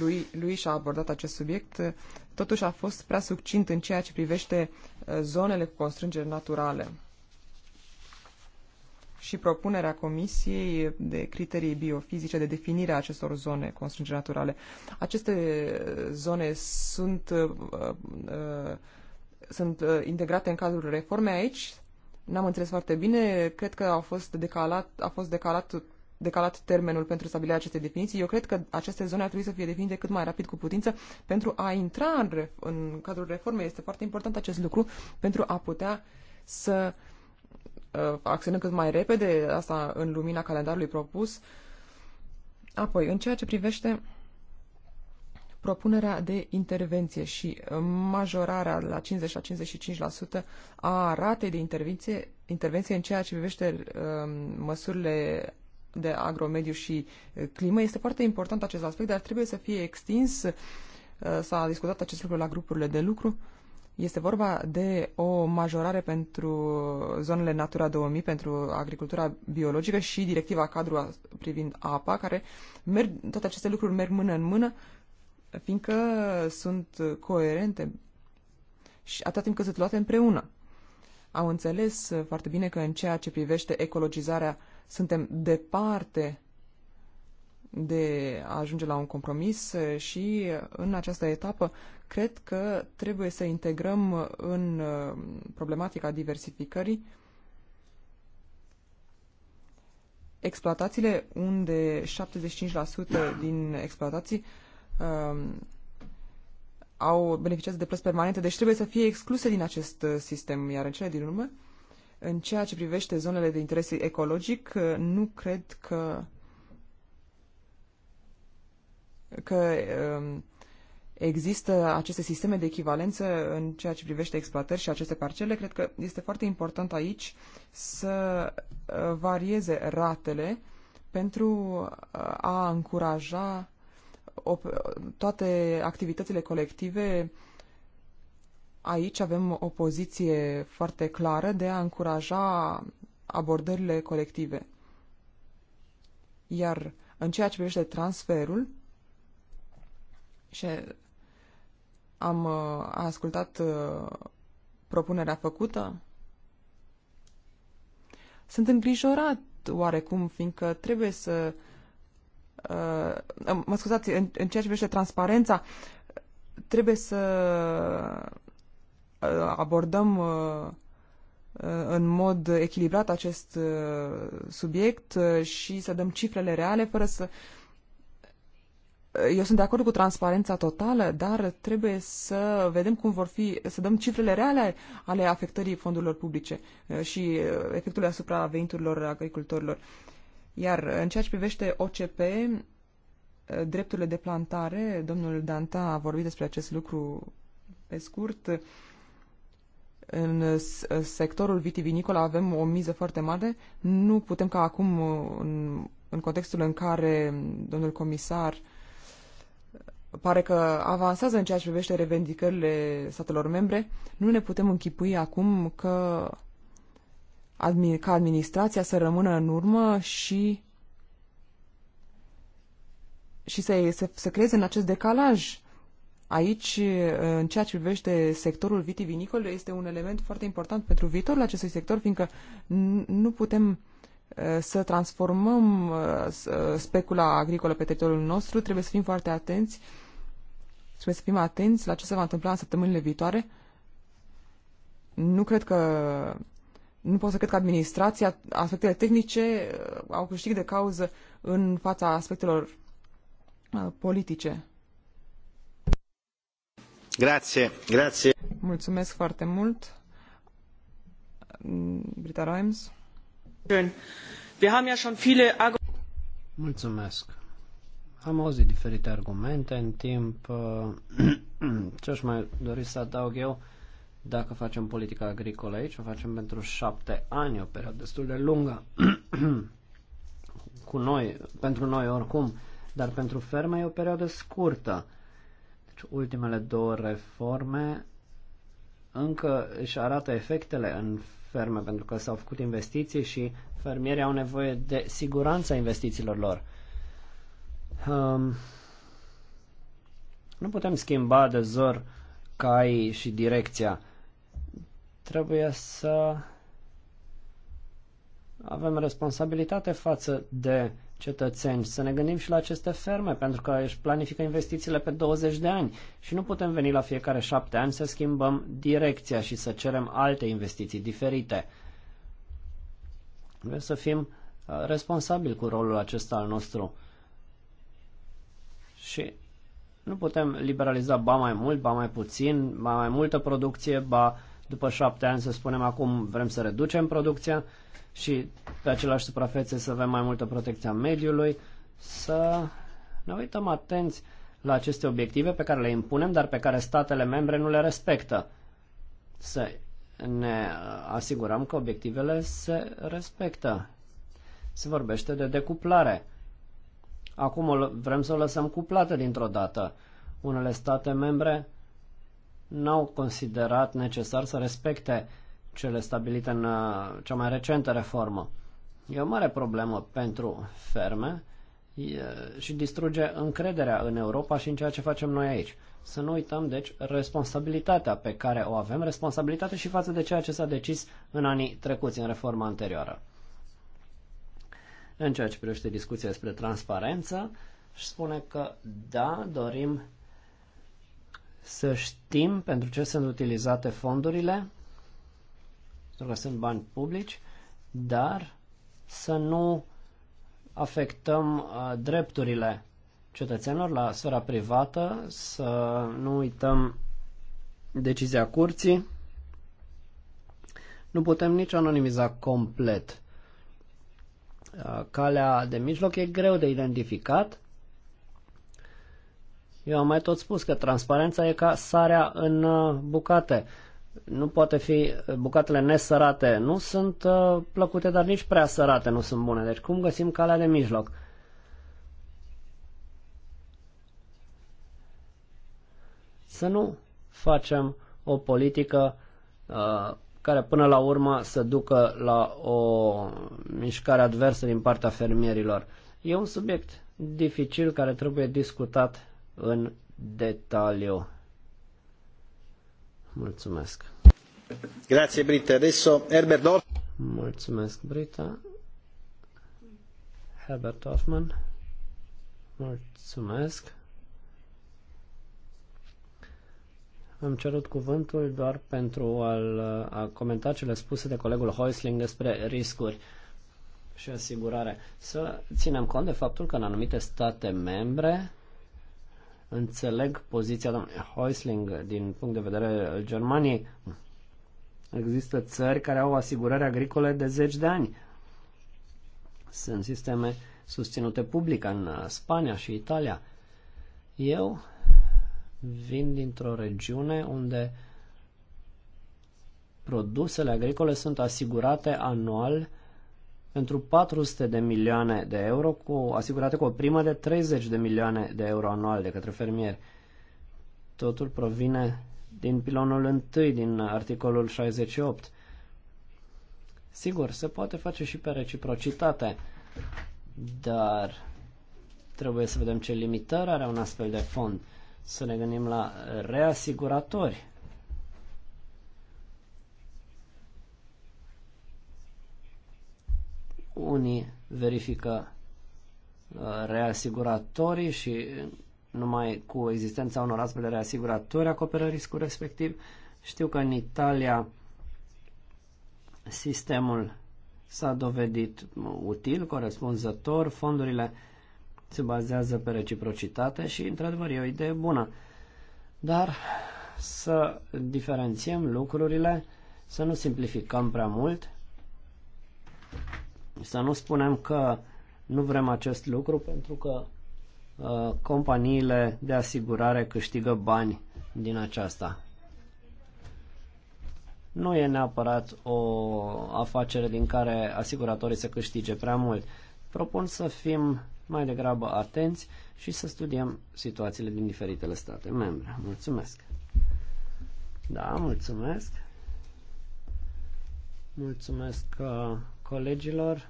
lui, lui și-a abordat acest subiect, totuși a fost prea succint în ceea ce privește uh, zonele cu constrângeri naturale. Și propunerea Comisiei de criterii biofizice de definire a acestor zone constrângeri naturale. Aceste uh, zone sunt, uh, uh, sunt uh, integrate în cadrul reformei aici. N-am înțeles foarte bine, cred că au fost decalat, a fost decalat decalat termenul pentru stabilirea acestei definiții. Eu cred că aceste zone ar trebui să fie definite cât mai rapid cu putință pentru a intra în, ref- în cadrul reformei. Este foarte important acest lucru pentru a putea să uh, acționăm cât mai repede, asta în lumina calendarului propus. Apoi, în ceea ce privește propunerea de intervenție și majorarea la 50 la 55% a ratei de intervenție, intervenție în ceea ce privește uh, măsurile de agromediu și climă. Este foarte important acest aspect, dar trebuie să fie extins. S-a discutat acest lucru la grupurile de lucru. Este vorba de o majorare pentru zonele Natura 2000, pentru agricultura biologică și directiva cadru privind apa, care merg, toate aceste lucruri merg mână în mână, fiindcă sunt coerente și atât timp cât sunt luate împreună. Au înțeles foarte bine că în ceea ce privește ecologizarea suntem departe de a ajunge la un compromis și în această etapă cred că trebuie să integrăm în uh, problematica diversificării exploatațiile unde 75% din exploatații um, au beneficiat de plăți permanente, deci trebuie să fie excluse din acest uh, sistem, iar în cele din urmă în ceea ce privește zonele de interes ecologic, nu cred că că um, există aceste sisteme de echivalență în ceea ce privește exploatări și aceste parcele, cred că este foarte important aici să uh, varieze ratele pentru uh, a încuraja toate activitățile colective aici avem o poziție foarte clară de a încuraja abordările colective. Iar în ceea ce privește transferul, și am uh, ascultat uh, propunerea făcută, sunt îngrijorat oarecum, fiindcă trebuie să... Uh, mă scuzați, în ceea ce privește transparența, trebuie să Uh, abordăm uh, uh, în mod echilibrat acest subiect și să dăm cifrele reale fără să... Eu sunt de acord cu transparența totală, dar trebuie să vedem cum vor fi, să dăm cifrele reale ale afectării fondurilor publice și efectului asupra veniturilor agricultorilor. Iar în ceea ce privește OCP, drepturile de plantare, domnul Danta a vorbit despre acest lucru pe scurt, în sectorul vitivinicol avem o miză foarte mare. Nu putem ca acum, în, în contextul în care domnul comisar uh, pare că avansează în ceea ce privește revendicările statelor membre, nu ne putem închipui acum că ca administrația să rămână în urmă și și să, să, să creeze în acest decalaj Aici, în ceea ce privește sectorul vitivinicol, este un element foarte important pentru viitorul acestui sector, fiindcă nu putem uh, să transformăm uh, uh, specula agricolă pe teritoriul nostru, trebuie să fim foarte atenți, trebuie să fim atenți la ce se va întâmpla în săptămânile viitoare. Nu cred că nu pot să cred că administrația, aspectele tehnice au câștig de cauză în fața aspectelor politice. Mulțumesc foarte mult. Brita Mulțumesc. Am auzit diferite argumente în timp. Uh, Ce aș mai dori să adaug eu? Dacă facem politica agricolă aici, o facem pentru șapte ani, o perioadă destul de lungă. Cu noi, pentru noi oricum, dar pentru ferme e o perioadă scurtă. Deci ultimele două reforme încă își arată efectele în ferme, pentru că s-au făcut investiții și fermierii au nevoie de siguranța investițiilor lor. Um, nu putem schimba de zor cai și direcția. Trebuie să avem responsabilitate față de cetățeni, să ne gândim și la aceste ferme, pentru că își planifică investițiile pe 20 de ani și nu putem veni la fiecare șapte ani să schimbăm direcția și să cerem alte investiții diferite. Trebuie să fim uh, responsabili cu rolul acesta al nostru. Și nu putem liberaliza ba mai mult, ba mai puțin, ba mai multă producție, ba după șapte ani să spunem acum vrem să reducem producția și pe același suprafețe să avem mai multă protecție a mediului, să ne uităm atenți la aceste obiective pe care le impunem, dar pe care statele membre nu le respectă. Să ne uh, asigurăm că obiectivele se respectă. Se vorbește de decuplare. Acum vrem să o lăsăm cuplată dintr-o dată. Unele state membre n-au considerat necesar să respecte cele stabilite în uh, cea mai recentă reformă. E o mare problemă pentru ferme și distruge încrederea în Europa și în ceea ce facem noi aici. Să nu uităm, deci, responsabilitatea pe care o avem, responsabilitate și față de ceea ce s-a decis în anii trecuți, în reforma anterioară. În ceea ce privește discuția despre transparență, își spune că, da, dorim să știm pentru ce sunt utilizate fondurile, pentru că sunt bani publici, dar să nu afectăm uh, drepturile cetățenilor la sfera privată, să nu uităm decizia curții. Nu putem nici anonimiza complet. Uh, calea de mijloc e greu de identificat eu am mai tot spus că transparența e ca sarea în uh, bucate. Nu poate fi, uh, bucatele nesărate nu sunt uh, plăcute, dar nici prea sărate nu sunt bune. Deci cum găsim calea de mijloc? Să nu facem o politică uh, care până la urmă să ducă la o mișcare adversă din partea fermierilor. E un subiect dificil care trebuie discutat în detaliu. Mulțumesc. Grazie Brita. Adesso Herbert Dorfman. Mulțumesc Brita. Herbert Dorfman. Mulțumesc. Am cerut cuvântul doar pentru a, a comenta cele spuse de colegul Heusling despre riscuri și asigurare. Să ținem cont de faptul că în anumite state membre Înțeleg poziția domnului Heusling din punct de vedere al Germaniei. Există țări care au asigurări agricole de zeci de ani. Sunt sisteme susținute public în Spania și Italia. Eu vin dintr-o regiune unde produsele agricole sunt asigurate anual pentru 400 de milioane de euro, cu, asigurate cu o primă de 30 de milioane de euro anual de către fermieri. Totul provine din pilonul 1 din articolul 68. Sigur, se poate face și pe reciprocitate, dar trebuie să vedem ce limitări are un astfel de fond. Să ne gândim la reasiguratori Unii verifică uh, reasiguratorii și numai cu existența unor astfel de reasiguratori acoperă riscul respectiv. Știu că în Italia sistemul s-a dovedit uh, util, corespunzător, fondurile se bazează pe reciprocitate și, într-adevăr, e o idee bună. Dar să diferențiem lucrurile, să nu simplificăm prea mult să nu spunem că nu vrem acest lucru pentru că uh, companiile de asigurare câștigă bani din aceasta. Nu e neapărat o afacere din care asiguratorii să câștige prea mult. Propun să fim mai degrabă atenți și să studiem situațiile din diferitele state membre. Mulțumesc! Da, mulțumesc! Mulțumesc că uh, colegilor.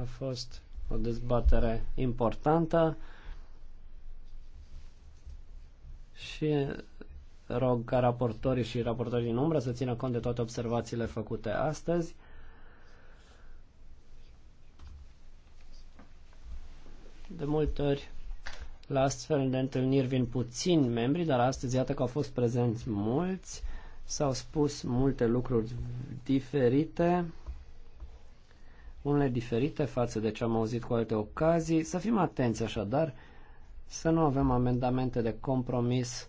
A fost o dezbatere importantă și rog ca raportorii și raportorii din umbră să țină cont de toate observațiile făcute astăzi. De multe ori la astfel de întâlniri vin puțini membri, dar astăzi iată că au fost prezenți mulți. S-au spus multe lucruri diferite, unele diferite față de ce am auzit cu alte ocazii. Să fim atenți așadar să nu avem amendamente de compromis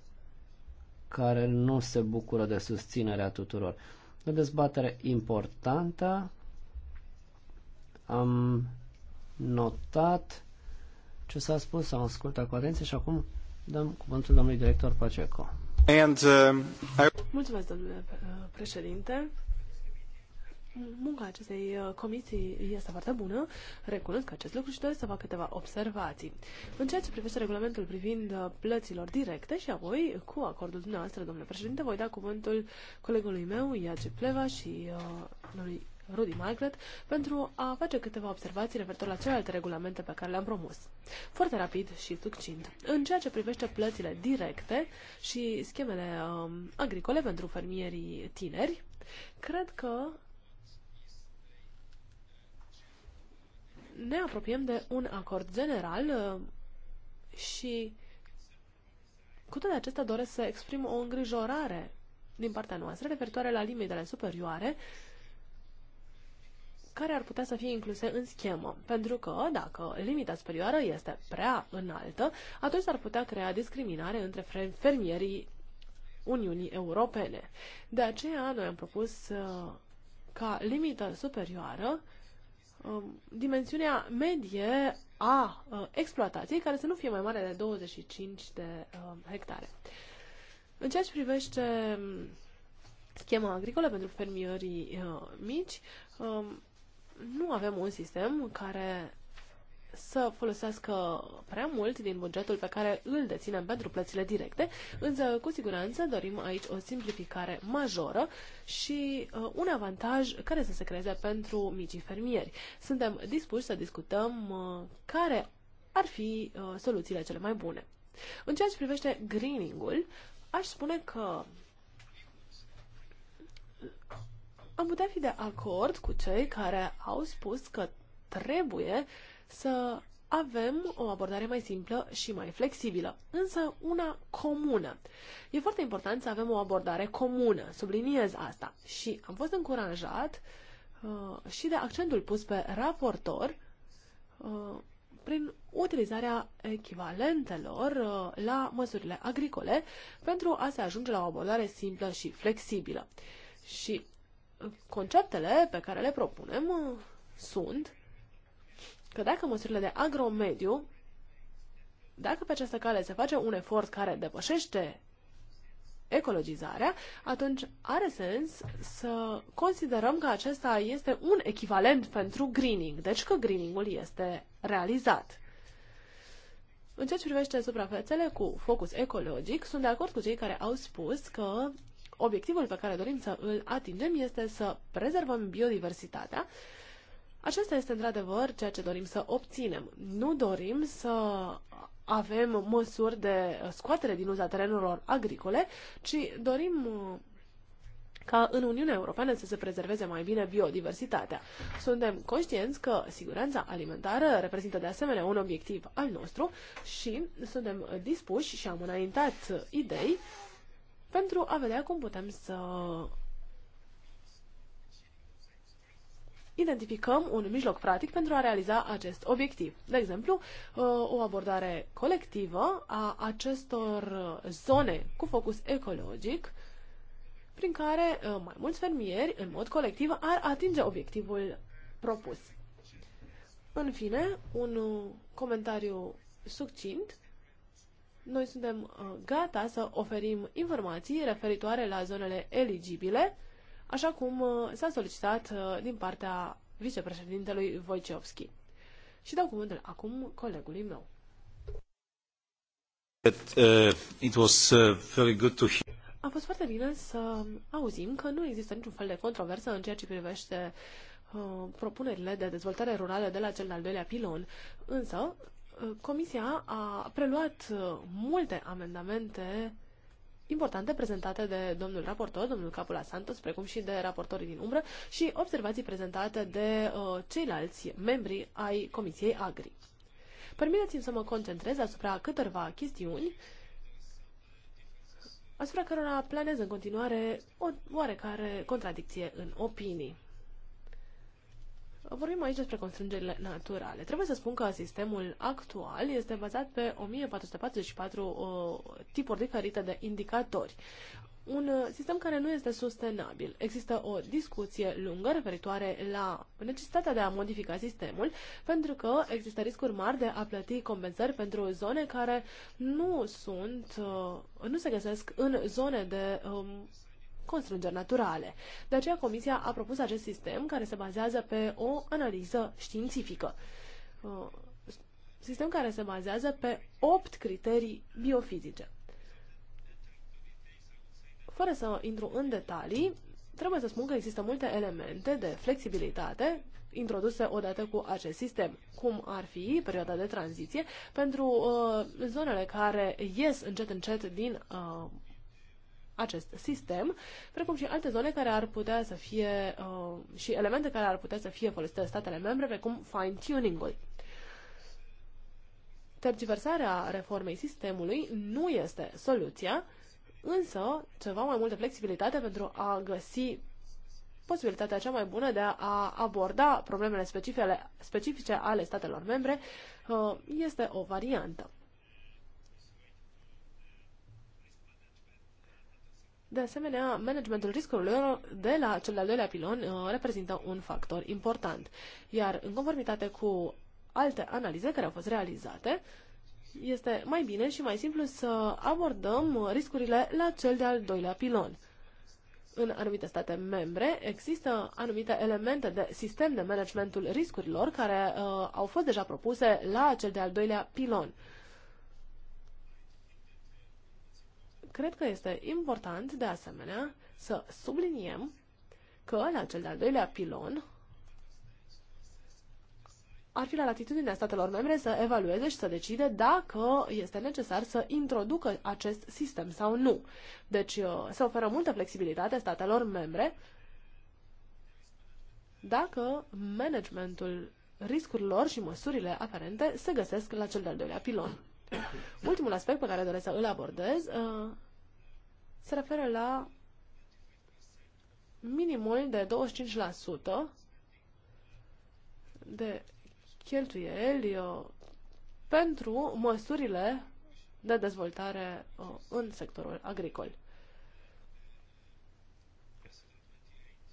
care nu se bucură de susținerea tuturor. O dezbatere importantă. Am notat ce s-a spus, am ascultat cu atenție și acum dăm cuvântul domnului director Paceco. Um, uh, Munca acestei uh, comisii este foarte bună, recunosc acest lucru și doresc să fac câteva observații. În ceea ce privește regulamentul privind uh, plăților directe și apoi, cu acordul dumneavoastră, domnule președinte, voi da cuvântul colegului meu, Iaci Pleva și uh, domnului Rudy Malgret pentru a face câteva observații referitor la celelalte regulamente pe care le-am promus. Foarte rapid și succint. În ceea ce privește plățile directe și schemele um, agricole pentru fermierii tineri, cred că ne apropiem de un acord general uh, și cu toate acestea doresc să exprim o îngrijorare din partea noastră referitoare la limitele superioare uh, care ar putea să fie incluse în schemă, pentru că dacă limita superioară este prea înaltă, atunci ar putea crea discriminare între fermierii Uniunii Europene. De aceea noi am propus uh, ca limita superioară um, dimensiunea medie a uh, exploatației care să nu fie mai mare de 25 de uh, hectare. În ceea ce privește um, schema agricolă pentru fermierii uh, mici, um, nu avem un sistem care să folosească prea mult din bugetul pe care îl deținem pentru plățile directe, însă cu siguranță dorim aici o simplificare majoră și uh, un avantaj care să se creeze pentru micii fermieri. Suntem dispuși să discutăm uh, care ar fi uh, soluțiile cele mai bune. În ceea ce privește greening-ul, aș spune că am putea fi de acord cu cei care au spus că trebuie să avem o abordare mai simplă și mai flexibilă, însă una comună. E foarte important să avem o abordare comună, subliniez asta. Și am fost încurajat uh, și de accentul pus pe raportor uh, prin utilizarea echivalentelor uh, la măsurile agricole pentru a se ajunge la o abordare simplă și flexibilă. Și conceptele pe care le propunem uh, sunt că dacă măsurile de agromediu, dacă pe această cale se face un efort care depășește ecologizarea, atunci are sens să considerăm că acesta este un echivalent pentru greening, deci că greeningul este realizat. În ceea ce privește suprafețele cu focus ecologic, sunt de acord cu cei care au spus că obiectivul pe care dorim să îl atingem este să prezervăm biodiversitatea. Acesta este într-adevăr ceea ce dorim să obținem. Nu dorim să avem măsuri de scoatere din uza terenurilor agricole, ci dorim uh, ca în Uniunea Europeană să se prezerveze mai bine biodiversitatea. Suntem conștienți că siguranța alimentară reprezintă de asemenea un obiectiv al nostru și suntem dispuși și am înaintat idei pentru a vedea cum putem să identificăm un mijloc practic pentru a realiza acest obiectiv. De exemplu, uh, o abordare colectivă a acestor zone cu focus ecologic, prin care uh, mai mulți fermieri, în mod colectiv, ar atinge obiectivul propus. În fine, un uh, comentariu succint noi suntem uh, gata să oferim informații referitoare la zonele eligibile, așa cum uh, s-a solicitat uh, din partea vicepreședintelui Wojciechowski. Și dau cuvântul acum colegului meu. uh, it was, uh, very good to hear. A fost foarte bine să auzim că nu există niciun fel de controversă în ceea ce privește uh, propunerile de dezvoltare rurală de la cel de-al doilea pilon. Însă, Comisia a preluat uh, multe amendamente importante prezentate de domnul raportor, domnul Capula Santos, precum și de raportorii din umbră și observații prezentate de uh, ceilalți membri ai Comisiei Agri. Permiteți-mi să mă concentrez asupra câtorva chestiuni asupra cărora planez în continuare o oarecare contradicție în opinii. Vorbim aici despre constrângerile naturale. Trebuie să spun că sistemul actual este bazat pe 1444 uh, tipuri diferite de indicatori. Un uh, sistem care nu este sustenabil. Există o discuție lungă referitoare la necesitatea de a modifica sistemul, pentru că există riscuri mari de a plăti compensări pentru zone care nu sunt, uh, nu se găsesc în zone de um, constrângeri naturale. De aceea Comisia a propus acest sistem care se bazează pe o analiză științifică. Uh, sistem care se bazează pe opt criterii biofizice. Fără să intru în detalii, trebuie să spun că există multe elemente de flexibilitate introduse odată cu acest sistem, cum ar fi perioada de tranziție pentru uh, zonele care ies încet încet din uh, acest sistem, precum și alte zone care ar putea să fie uh, și elemente care ar putea să fie folosite de statele membre, precum fine-tuning-ul. Tergiversarea reformei sistemului nu este soluția, însă ceva mai multă flexibilitate pentru a găsi posibilitatea cea mai bună de a aborda problemele specifice ale statelor membre uh, este o variantă. De asemenea, managementul riscurilor de la cel de-al doilea pilon uh, reprezintă un factor important. Iar în conformitate cu alte analize care au fost realizate, este mai bine și mai simplu să abordăm riscurile la cel de-al doilea pilon. În anumite state membre există anumite elemente de sistem de managementul riscurilor care uh, au fost deja propuse la cel de-al doilea pilon. Uh, Cred că este important, de asemenea, să subliniem că la cel de-al doilea pilon ar fi la latitudinea statelor membre să evalueze și să decide dacă este necesar să introducă acest sistem sau nu. Deci uh, se oferă multă flexibilitate statelor membre dacă managementul riscurilor și măsurile aferente se găsesc la cel de-al doilea pilon. Ultimul aspect pe care doresc să îl abordez uh, se referă la minimul de 25% de cheltuieli uh, pentru măsurile de dezvoltare uh, în sectorul agricol.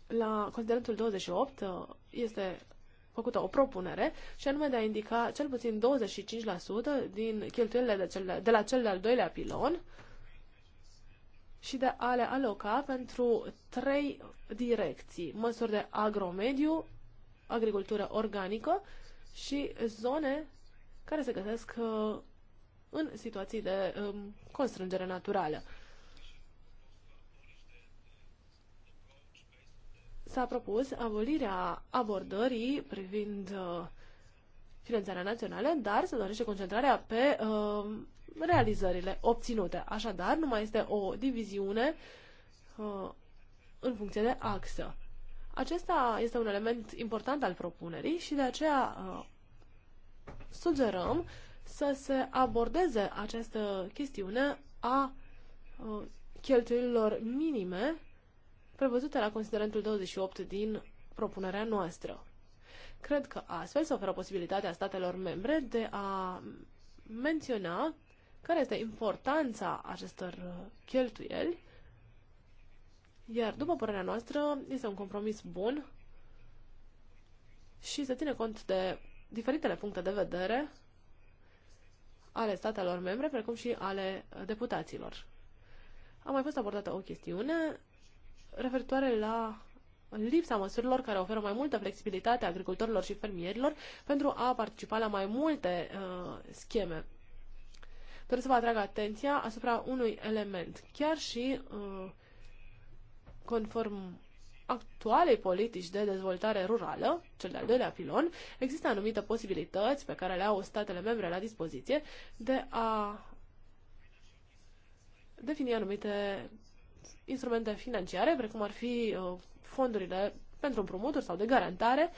La considerentul 28 uh, este făcută o propunere și anume de a indica cel puțin 25% din cheltuielile de, cele, de la cel de-al doilea pilon și de a le aloca pentru trei direcții. Măsuri de agromediu, agricultură organică și zone care se găsesc uh, în situații de um, constrângere naturală. S-a propus abolirea abordării privind uh, finanțarea națională, dar se dorește concentrarea pe uh, realizările obținute. Așadar, nu mai este o diviziune uh, în funcție de axă. Acesta este un element important al propunerii și de aceea uh, sugerăm să se abordeze această chestiune a uh, cheltuielilor minime prevăzute la considerentul 28 din propunerea noastră. Cred că astfel se oferă posibilitatea statelor membre de a menționa care este importanța acestor uh, cheltuieli. Iar, după părerea noastră, este un compromis bun și se ține cont de diferitele puncte de vedere ale statelor membre, precum și ale uh, deputaților. A mai fost abordată o chestiune referitoare la lipsa măsurilor care oferă mai multă flexibilitate agricultorilor și fermierilor pentru a participa la mai multe uh, scheme Doresc să vă atrag atenția asupra unui element. Chiar și uh, conform actualei politici de dezvoltare rurală, cel de-al doilea pilon, există anumite posibilități pe care le au statele membre la dispoziție de a defini anumite instrumente financiare, precum ar fi uh, fondurile pentru împrumuturi sau de garantare,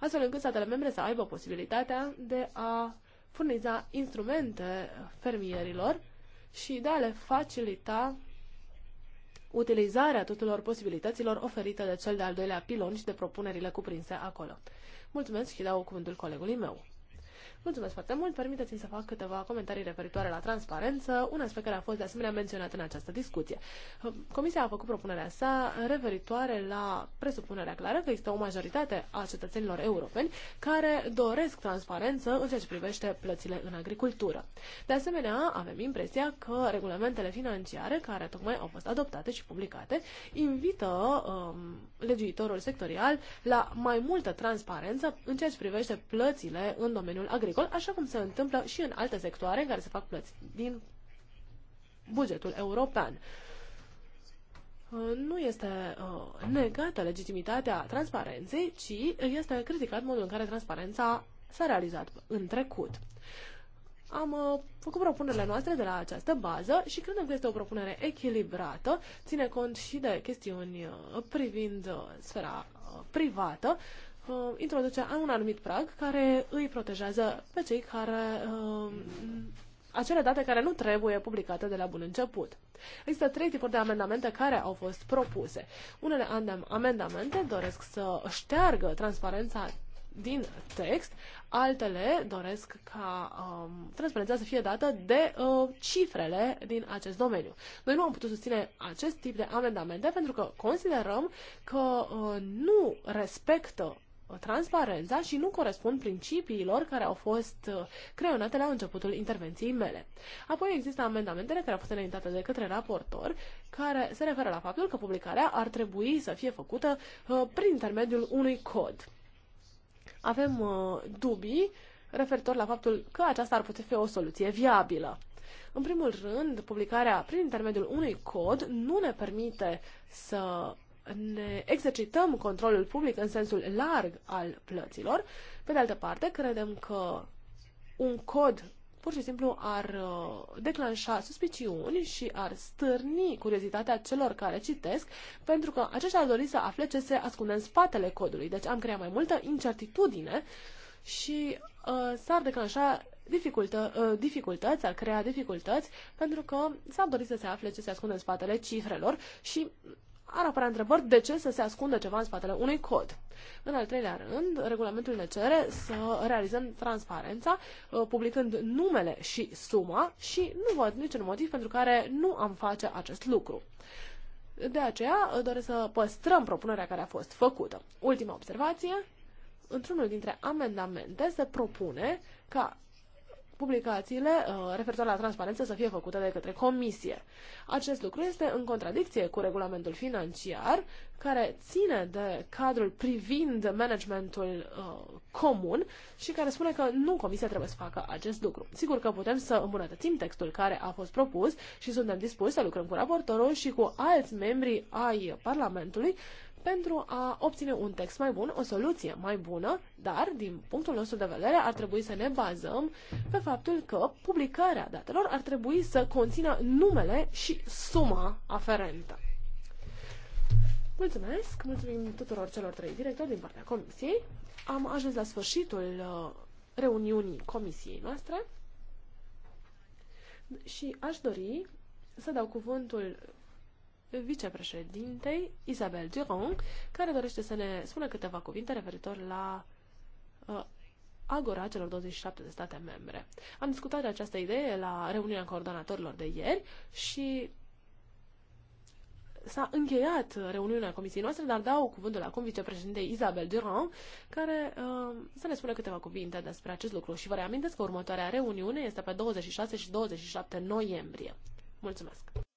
astfel încât statele membre să aibă posibilitatea de a furniza instrumente fermierilor și de a le facilita utilizarea tuturor posibilităților oferite de cel de-al doilea pilon și de propunerile cuprinse acolo. Mulțumesc și dau cuvântul colegului meu. Mulțumesc foarte mult. Permiteți-mi să fac câteva comentarii referitoare la transparență, un aspect care a fost de asemenea menționat în această discuție. Comisia a făcut propunerea sa referitoare la presupunerea clară că există o majoritate a cetățenilor europeni care doresc transparență în ceea ce privește plățile în agricultură. De asemenea, avem impresia că regulamentele financiare care tocmai au fost adoptate și publicate invită um, legiuitorul sectorial la mai multă transparență în ceea ce privește plățile în domeniul agricultură agricol, așa cum se întâmplă și în alte sectoare în care se fac plăți din bugetul european. Nu este uh, negată legitimitatea transparenței, ci este criticat modul în care transparența s-a realizat în trecut. Am uh, făcut propunerile noastre de la această bază și credem că este o propunere echilibrată, ține cont și de chestiuni uh, privind sfera privată, uh, introduce un anumit prag care îi protejează pe cei care uh, acele date care nu trebuie publicate de la bun început. Există trei tipuri de amendamente care au fost propuse. Unele amendamente doresc să șteargă transparența din text, altele doresc ca um, transparența să fie dată de uh, cifrele din acest domeniu. Noi nu am putut susține acest tip de amendamente pentru că considerăm că uh, nu respectă Uh, transparența și nu corespund principiilor care au fost uh, creionate la începutul intervenției mele. Apoi există amendamentele care au fost înaintate de către raportor, care se referă la faptul că publicarea ar trebui să fie făcută uh, prin intermediul unui cod. Avem dubii referitor la faptul că aceasta ar putea fi o soluție viabilă. În primul rând, publicarea prin intermediul unui cod nu ne permite să ne exercităm controlul public în sensul larg al plăților. Pe de altă parte, credem că un cod pur și simplu ar uh, declanșa suspiciuni și ar stârni curiozitatea celor care citesc, pentru că aceștia ar dori să afle ce se ascunde în spatele codului. Deci am creat mai multă incertitudine și uh, s-ar declanșa dificultă, uh, dificultăți, ar crea dificultăți, pentru că s-ar dori să se afle ce se ascunde în spatele cifrelor și ar apărea întrebări de ce să se ascundă ceva în spatele unui cod. În al treilea rând, regulamentul ne cere să realizăm transparența, uh, publicând numele și suma și nu văd niciun motiv pentru care nu am face acest lucru. De aceea uh, doresc să păstrăm propunerea care a fost făcută. Ultima observație. Într-unul dintre amendamente se propune ca publicațiile uh, referitoare la transparență să fie făcute de către comisie. Acest lucru este în contradicție cu regulamentul financiar, care ține de cadrul privind managementul uh, comun și care spune că nu comisia trebuie să facă acest lucru. Sigur că putem să îmbunătățim textul care a fost propus și suntem dispuși să lucrăm cu raportorul și cu alți membri ai Parlamentului pentru a obține un text mai bun, o soluție mai bună, dar, din punctul nostru de vedere, ar trebui să ne bazăm pe faptul că publicarea datelor ar trebui să conțină numele și suma aferentă. Mulțumesc! Mulțumim tuturor celor trei directori din partea Comisiei. Am ajuns la sfârșitul uh, reuniunii Comisiei noastre și aș dori să dau cuvântul vicepreședintei Isabel Giron, care dorește să ne spună câteva cuvinte referitor la uh, Agora celor 27 de state membre. Am discutat de această idee la reuniunea coordonatorilor de ieri și s-a încheiat reuniunea comisiei noastre, dar dau cuvântul acum vicepreședintei Isabel Durand, care uh, să ne spună câteva cuvinte despre acest lucru. Și vă reamintesc că următoarea reuniune este pe 26 și 27 noiembrie. Mulțumesc!